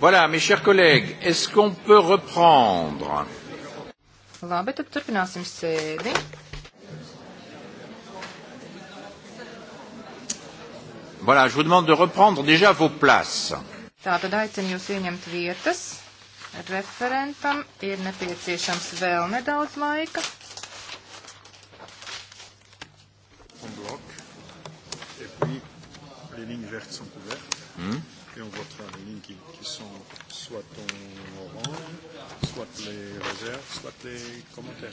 Voilà, mes chers collègues, est-ce qu'on peut reprendre Labi, tad turpināsim sēdi. Voilà, je vous demande de reprendre déjà vos places. Tātad aicinu jūs ieņemt vietas. Referentam ir nepieciešams vēl nedaudz laika. Un blok. Et puis, les lignes vertes sont couvertes. Hmm et on votera les lignes qui, qui sont soit en orange, soit les réserves, soit les commentaires.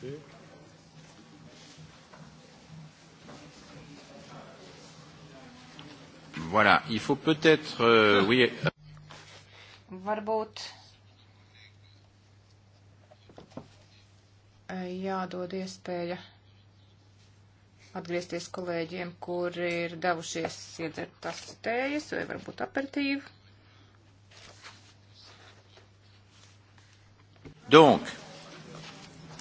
Voter. Voilà, il faut peut-être, euh, hmm. oui. Varbūt eh, jādod iespēja atgriezties kolēģiem, kuri ir devušies iedzert tas tējas vai varbūt aperitīvu. Donc,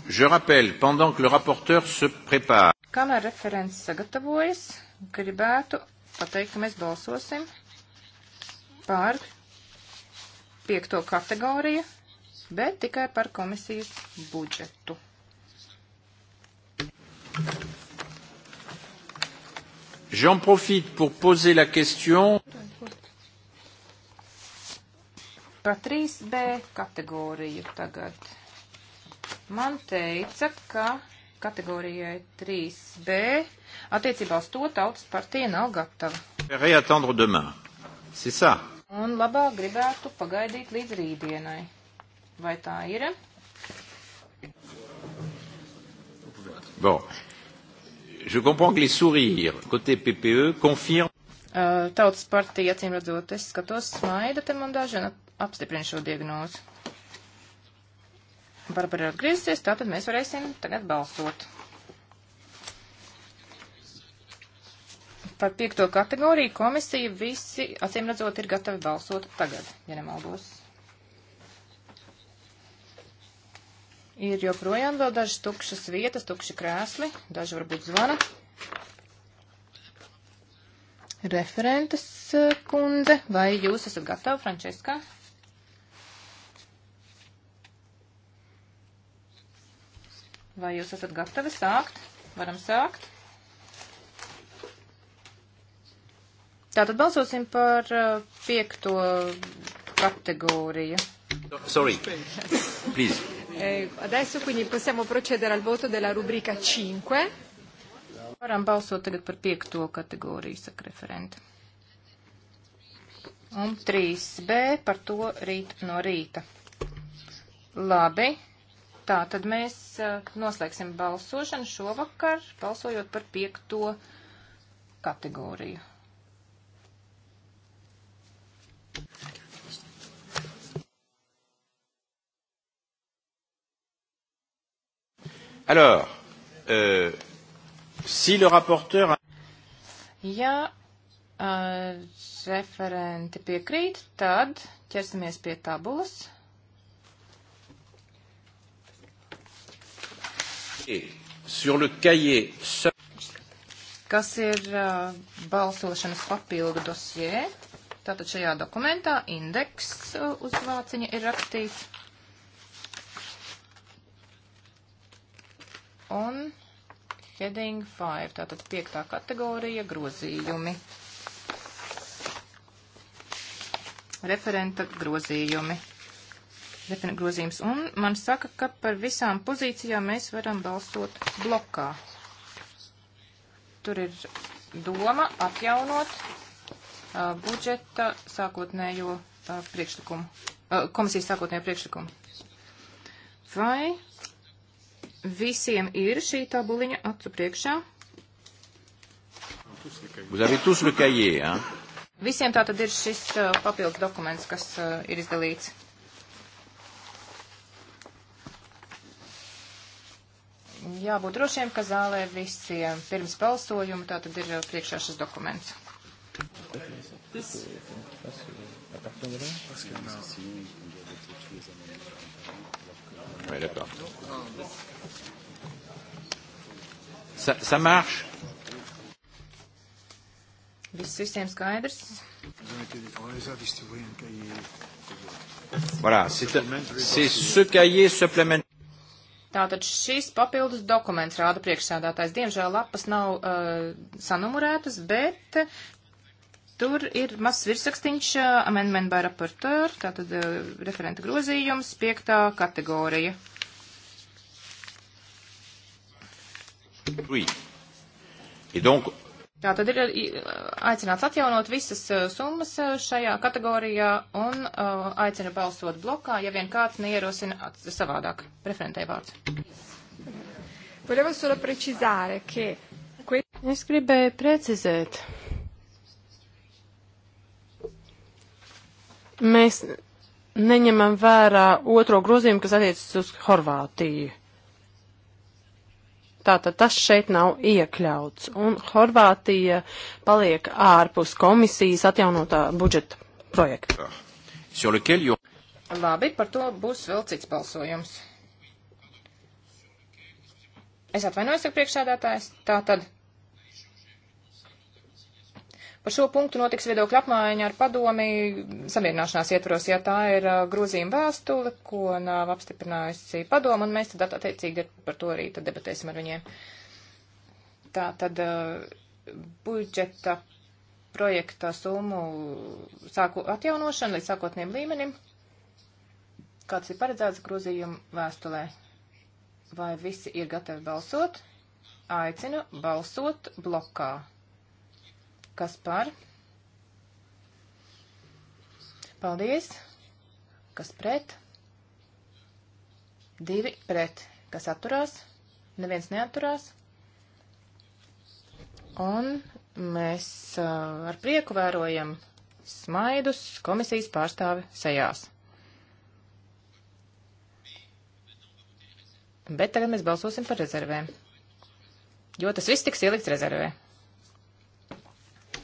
je rappelle, pendant que le rapporteur se prépare. Kamēr referents sagatavojas, gribētu pateikt, ka mēs balsosim par piekto kategoriju, bet tikai par komisijas budžetu. J'en profite pour poser la question. Par 3B kategoriju tagad. Man teica, ka kategorijai 3B Attiecībā uz to tautas partija nav gatava. Un labāk gribētu pagaidīt līdz rītdienai. Vai tā ir? Bon. Je comprends que les sourires côté PPE confirment. Uh, tautas partija, acīm redzot, es skatos, smaida te man daži un apstiprina šo diagnozi. Barbara ir atgriezusies, tātad mēs varēsim tagad balsot. Par piekto kategoriju komisija visi, acīm redzot, ir gatavi balsot tagad, ja nemaldos. Ir joprojām vēl dažas tukšas vietas, tukši krēsli, daži varbūt zvana. Referentes eh, kundze, vai jūs esat gatava, Frančeska? Vai jūs esat gatavi sākt? Varam sākt. Tātad balsosim par uh, piekto kategoriju. Sorry, please. Eh, adesso quindi possiamo procedere al voto della rubrica 5. Varam balsot tagad par piekto kategoriju, saka referente. Un 3B par to rīt no rīta. Labi, tā tad mēs uh, noslēgsim balsošanu šovakar, balsojot par piekto kategoriju. Alors, euh, si le rapporteur. Ja uh, referenti piekrīt, tad ķersimies pie tabulas. Sur le cahier. Kas ir uh, balsošanas papildu dosjē? Tātad šajā dokumentā indeks uh, uz vāciņa ir rakstīts. Un heading 5, tātad piektā kategorija grozījumi. Referenta grozījumi referenta grozījums. Un man saka, ka par visām pozīcijām mēs varam balsot blokā. Tur ir doma atjaunot Uh, budžeta sākotnējo uh, priekšlikumu, uh, komisijas sākotnējo priekšlikumu. Vai visiem ir šī tabuliņa acu priekšā? Vous avez tous le cahier, hein? Visiem tā tad ir šis uh, papildus dokuments, kas uh, ir izdalīts. Jābūt drošiem, ka zālē visiem pirms balsojuma tā tad ir priekšā šis dokuments. This... Oui, d'accord. Ça, ça marche Viss visiem skaidrs. Voilà, c'est ce cahier supplémentaire. Tātad šis papildus dokuments rāda priekšsēdātājs. Diemžēl lapas nav uh, sanumurētas, bet Tur ir mazs virsrakstīņš amendment by rapporteur, tātad referenta grozījums, piektā kategorija. Oui. Et donc, Jā, tad ir aicināts atjaunot visas summas šajā kategorijā un uh, aicina balsot blokā, ja vien kāds neierosina savādāk. Preferentē vārds. Es gribēju precizēt, Mēs neņemam vērā otro grozījumu, kas attiecas uz Horvātiju. Tātad tas šeit nav iekļauts, un Horvātija paliek ārpus komisijas atjaunotā budžeta projekta. Labi, par to būs vēl cits balsojums. Es atvainojos, ka priekšsēdētājs. Tātad Par šo punktu notiks viedokļa apmaiņa ar padomi samierināšanās ietvaros, ja tā ir uh, grozījuma vēstule, ko nav apstiprinājusi padoma, un mēs tad attiecīgi par to arī tad debatēsim ar viņiem. Tā tad uh, budžeta projekta summu sāku atjaunošanu līdz sākotniem līmenim. Kāds ir paredzēts grozījuma vēstulē? Vai visi ir gatavi balsot? Aicinu balsot blokā. Kas par? Paldies. Kas pret? Divi pret. Kas atturās? Neviens neatturās. Un mēs uh, ar prieku vērojam smaidus komisijas pārstāvi sejās. Bet tagad mēs balsosim par rezervēm, jo tas viss tiks ielikts rezervē.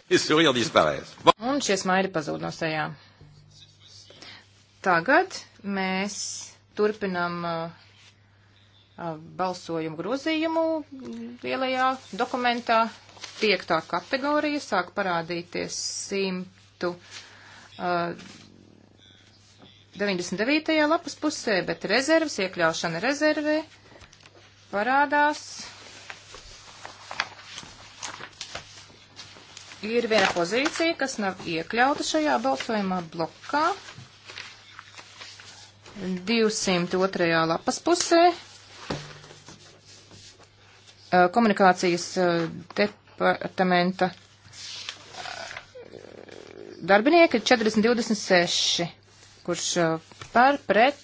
Un šie smaidi pazūd no sejām. Tagad mēs turpinam uh, uh, balsojumu grozījumu lielajā dokumentā. Piektā kategorija sāk parādīties 199. Uh, lapas pusē, bet rezervas iekļaušana rezervē parādās ir viena pozīcija, kas nav iekļauta šajā balsojumā blokā. 202. lapas pusē komunikācijas departamenta darbinieki 4026, kurš par, pret,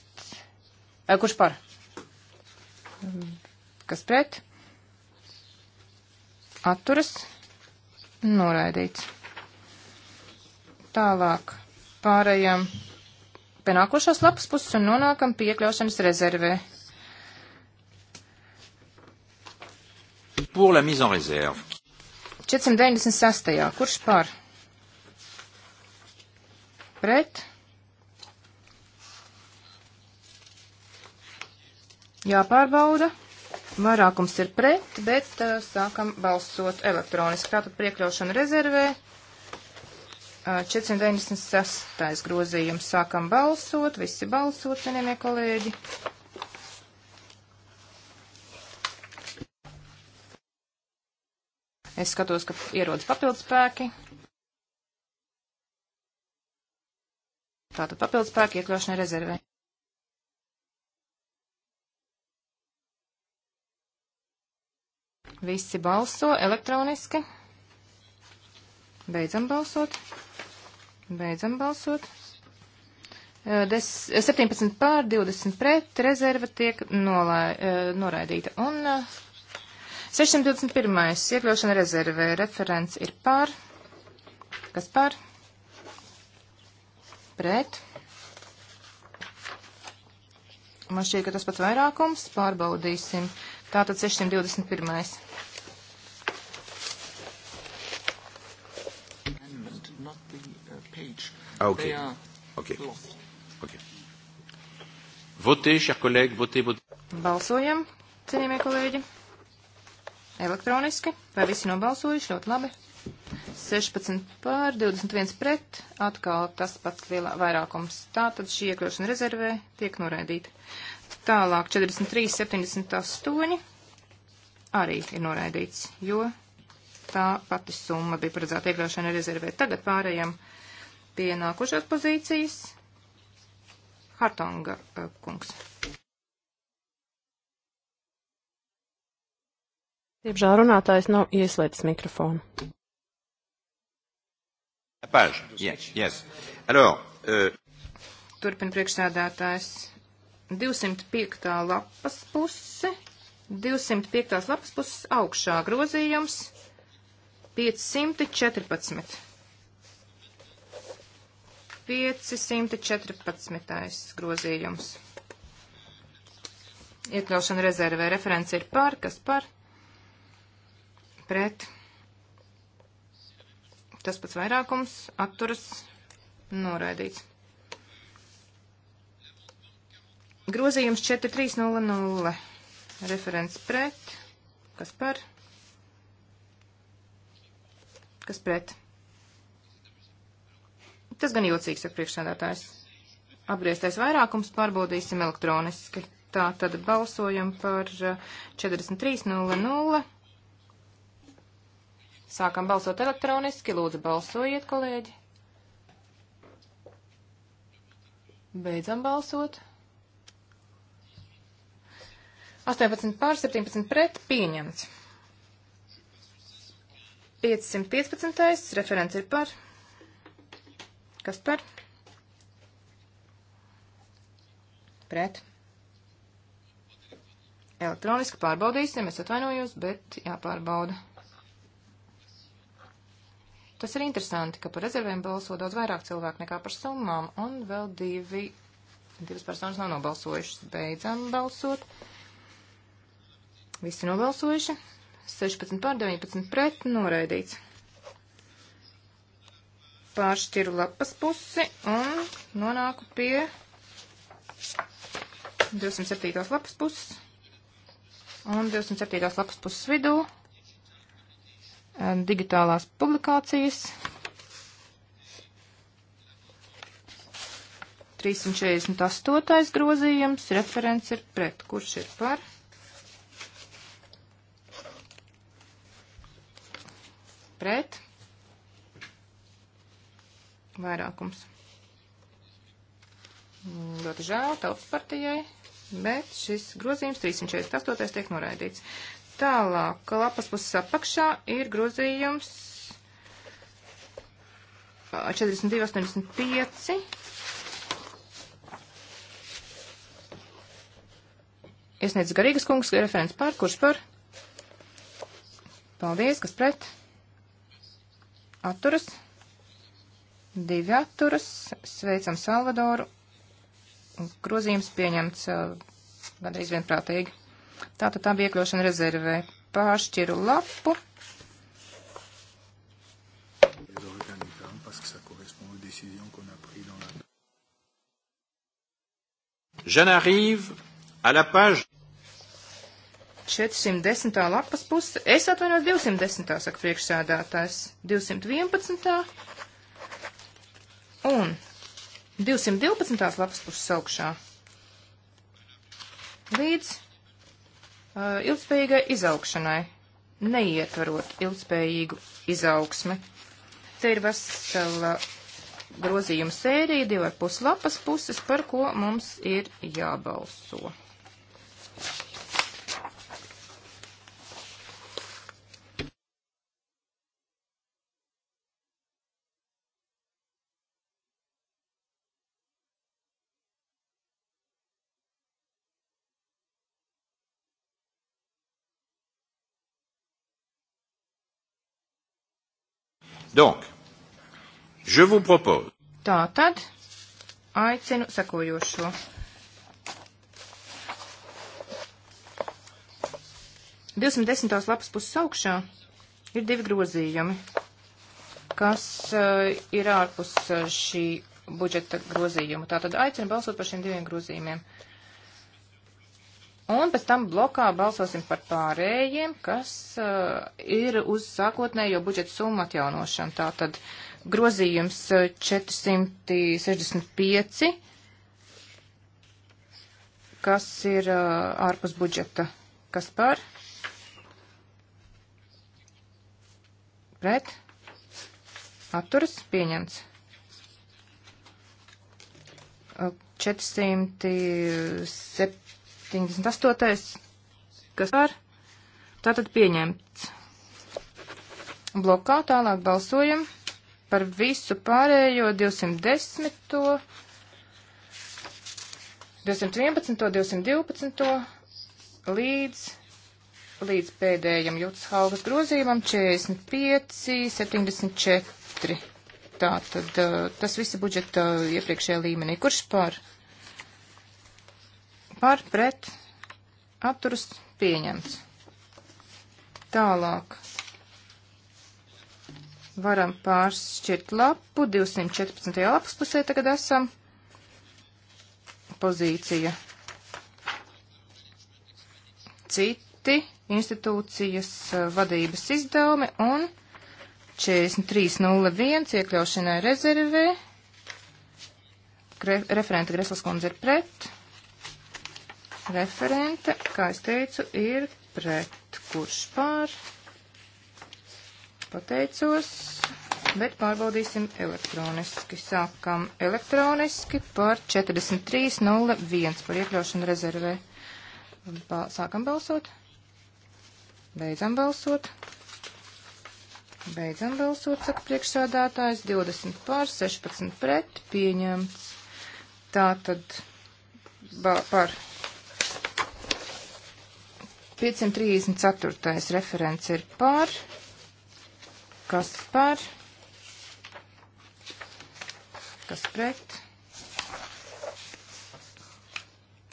kurš par, kas pret, atturas, Noraidīts. Tālāk pārējām pie nākošās lapas puses un nonākam pie iekļaušanas rezervē. Pour la mise en réserve. 496. Kurš par? Pret? Jāpārbauda. Vairākums ir pret, bet uh, sākam balsot elektroniski. Tātad priekļaušana rezervē. Uh, 496. grozījums. Sākam balsot. Visi balsot, cienījamie kolēģi. Es skatos, ka ierodas papildus spēki. Tātad papildus spēki iekļaušanai rezervē. Visi balso elektroniski. Beidzam balsot. Beidzam balsot. Eh, des, 17 eh, pār 20 pret rezerva tiek nolai, eh, noraidīta. Un 621. iekļaušana rezervē. Referents ir pār. Kas pār? Pret. Man šķiet, ka tas pats vairākums. Pārbaudīsim. Tātad 621. Ah, ok. Ok. okay. Votē, šie kolēģi, votē, votē. Balsojam, cienījamie kolēģi. Elektroniski. Vai visi nobalsojuši? Ļoti labi. 16 pār, 21 pret, atkal tas pats lielā vairākums. Tātad šī iekļaušana rezervē tiek noraidīta. Tālāk 43, 78 arī ir noraidīts, jo tā pati summa bija paredzēta iekļaušana rezervē. Tagad pārējām pie nākošās pozīcijas. Hartonga eh, kungs. Diemžēl runātājs nav ieslēdzis mikrofonu. Page. Yes, yes. Alors, uh... Turpin priekšsēdētājs. 205. lapas puse, 205. lapas puses augšā grozījums 514. 514. grozījums. Iekļaušana rezervē referents ir par, kas par, pret. Tas pats vairākums atturas noraidīts. Grozījums 4300. Referents pret. Kas par? Kas pret? Tas gan jocīgs, saka priekšsēdētājs. Apgrieztais vairākums pārbaudīsim elektroniski. Tā tad balsojam par 43.00. Eh, Sākam balsot elektroniski. Lūdzu, balsojiet, kolēģi. Beidzam balsot. 18 pār 17 pret pieņemts. 515. referents ir par. Kas par? Pret. Elektroniski pārbaudīsim, es atvainojos, bet jāpārbauda. Tas ir interesanti, ka par rezervēm balso daudz vairāk cilvēku nekā par summām, un vēl divi, divas personas nav nobalsojušas. Beidzam balsot. Visi nobalsojuši. 16 pār 19 pret noraidīts pāršķiru lapas pusi un nonāku pie 207. lapas puses. Un 207. lapas puses vidū digitālās publikācijas 348. grozījums, referents ir pret, kurš ir par. Pret vairākums. Ļoti žēl tautas partijai, bet šis grozījums 348. tiek noraidīts. Tālāk, lapas puses apakšā ir grozījums 4285. Iesniedz Garīgas kungs, referents par, kurš par? Paldies, kas pret? Atturas divi atturas. Sveicam Salvadoru. Grozījums pieņemts eh, gandrīz vienprātīgi. Tātad tā bija iekļaušana rezervē. Pāršķiru lapu. J'en arrive à la page 410. lapas puse. Es atvainojos 210. saka priekšsēdētājs. 211. Un 212. lapas puses augšā līdz uh, ilgspējīgai izaugšanai, neietvarot ilgspējīgu izaugsmi. Te ir vesela grozījuma sērija, divi ar puslapas puses, par ko mums ir jābalso. Donc, je vous propose. Tā tad aicinu sekojošo. Divsimt desmitās lapas puses augšā ir divi grozījumi, kas uh, ir ārpus uh, šī budžeta grozījuma. Tātad aicinu balsot par šiem diviem grozījumiem. Uh, Un pēc tam blokā balsosim par pārējiem, kas uh, ir uz sākotnējo budžeta summu atjaunošanu. Tātad grozījums 465, eh, kas ir uh, ārpus budžeta. Kas par? Pret? Atturas pieņemts. 407. 78. Kas par? Tātad pieņemts. Blokā tālāk balsojam par visu pārējo 210. 211. 212. līdz līdz pēdējam jūtas haugas grozījumam 45, 74. Tātad eh, tas viss budžeta eh, iepriekšējā līmenī. Kurš par? par pret atturas pieņemts. Tālāk varam pāršķirt lapu. 214. lapas pusē tagad esam. Pozīcija. Citi institūcijas eh, vadības izdevumi un 43.01 iekļaušanai rezervē. Referenta Greslas kundze ir pret. Referente, kā es teicu, ir pret kurš pār. Pateicos, bet pārbaudīsim elektroniski. Sākam elektroniski par 43.01 par iekļaušanu rezervē. Ba sākam balsot. Beidzam balsot. Beidzam balsot, saka priekšsādātājs. 20 pār 16 pret pieņemts. Tātad ba, par 534. referents ir par, kas par, kas pret.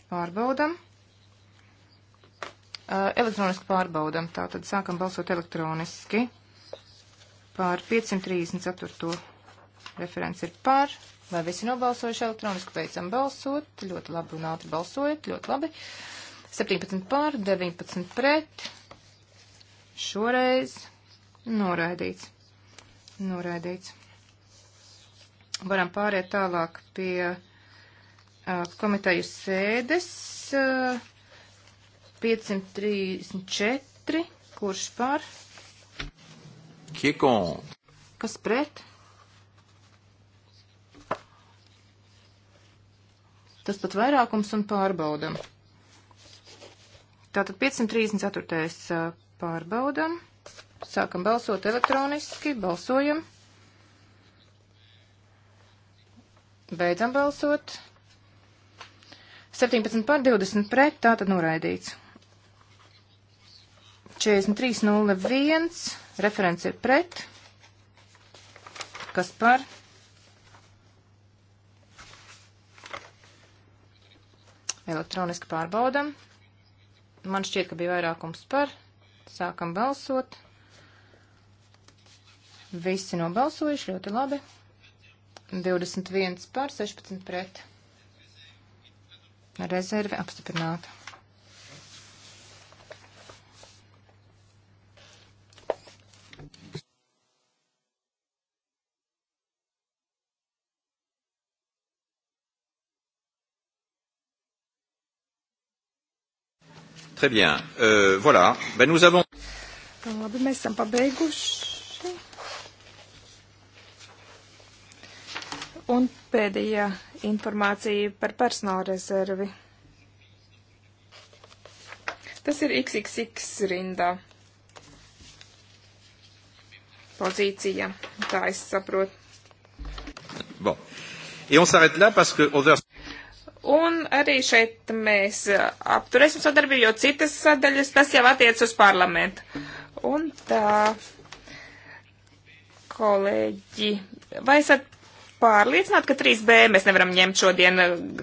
Pārbaudam. Elektroniski pārbaudam, tātad sākam balsot elektroniski. Pār 534. referents ir par. Vai visi nobalsojuši elektroniski? Beidzam balsot. Ļoti labi un ātri balsojat. Ļoti labi. Uh, 17 pār, 19 pret. Šoreiz noraidīts. Noraidīts. Varam pāriet tālāk pie uh, komiteju sēdes. Uh, 534. Kurš par? Kikon. Kas pret? Tas pat vairākums un pārbaudam. Tātad 534. pārbaudam. Sākam balsot elektroniski, balsojam. Beidzam balsot. 17 pār 20 pret, tātad noraidīts. 43.01, referents ir pret. Kas par? Elektroniski pārbaudam. Man šķiet, ka bija vairākums par. Sākam balsot. Visi nobalsojuši ļoti labi. 21 pār 16 pret. Rezerve apstiprināta. Très bien. Euh, voilà. Ben, nous avons... Labi, mēs esam pabeiguši. Un pēdējā informācija par personāla rezervi. Tas ir XXX rindā pozīcija, tā es saprotu. Bon. Et on s'arrête là parce que over... Un arī šeit mēs uh, apturēsim sadarbību, jo citas sadaļas tas jau attiec uz parlamentu. Un tā, kolēģi, vai esat pārliecināti, ka 3B mēs nevaram ņemt šodien?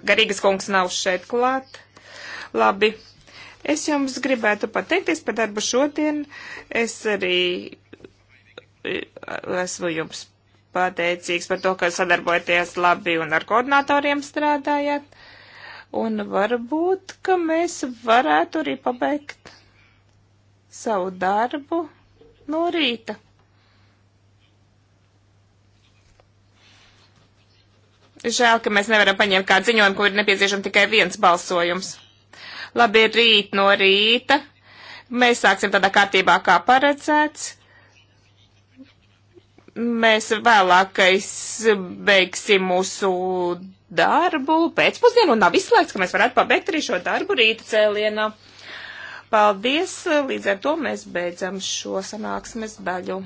Garīgas kungs nav šeit klāt. Labi. Es jums gribētu pateikties par darbu šodien. Es arī uh, esmu jums pateicīgs par to, ka sadarbojaties labi un ar koordinatoriem strādājat. Un varbūt, ka mēs varētu arī pabeigt savu darbu no rīta. Žēl, ka mēs nevaram paņemt kādu ziņojumu, kur ir nepieciešams tikai viens balsojums. Labi, rīt no rīta. Mēs sāksim tādā kārtībā, kā paredzēts. Mēs vēlākais beigsim mūsu darbu pēcpusdienu un nav izslēgts, ka mēs varētu pabeigt arī šo darbu rīta cēlienā. Paldies, līdz ar to mēs beidzam šo sanāksmes daļu.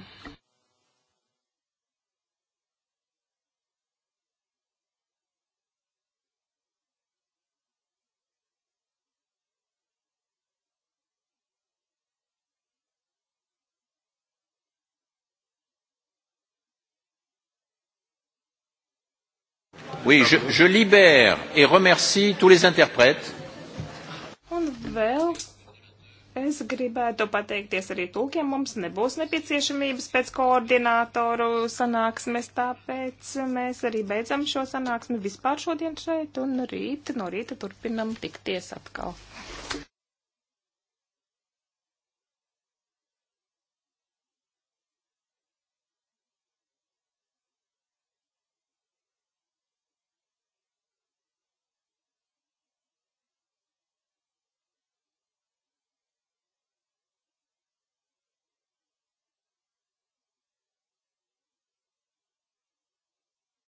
Oui, je, je libère et remercie tous les interprètes. Un vēl es gribētu pateikties arī tūkiem. Mums nebūs nepieciešamības pēc koordinātoru sanāksmes, tāpēc mēs arī beidzam šo sanāksmi vispār šodien šeit un rīt no rīta turpinam tikties atkal.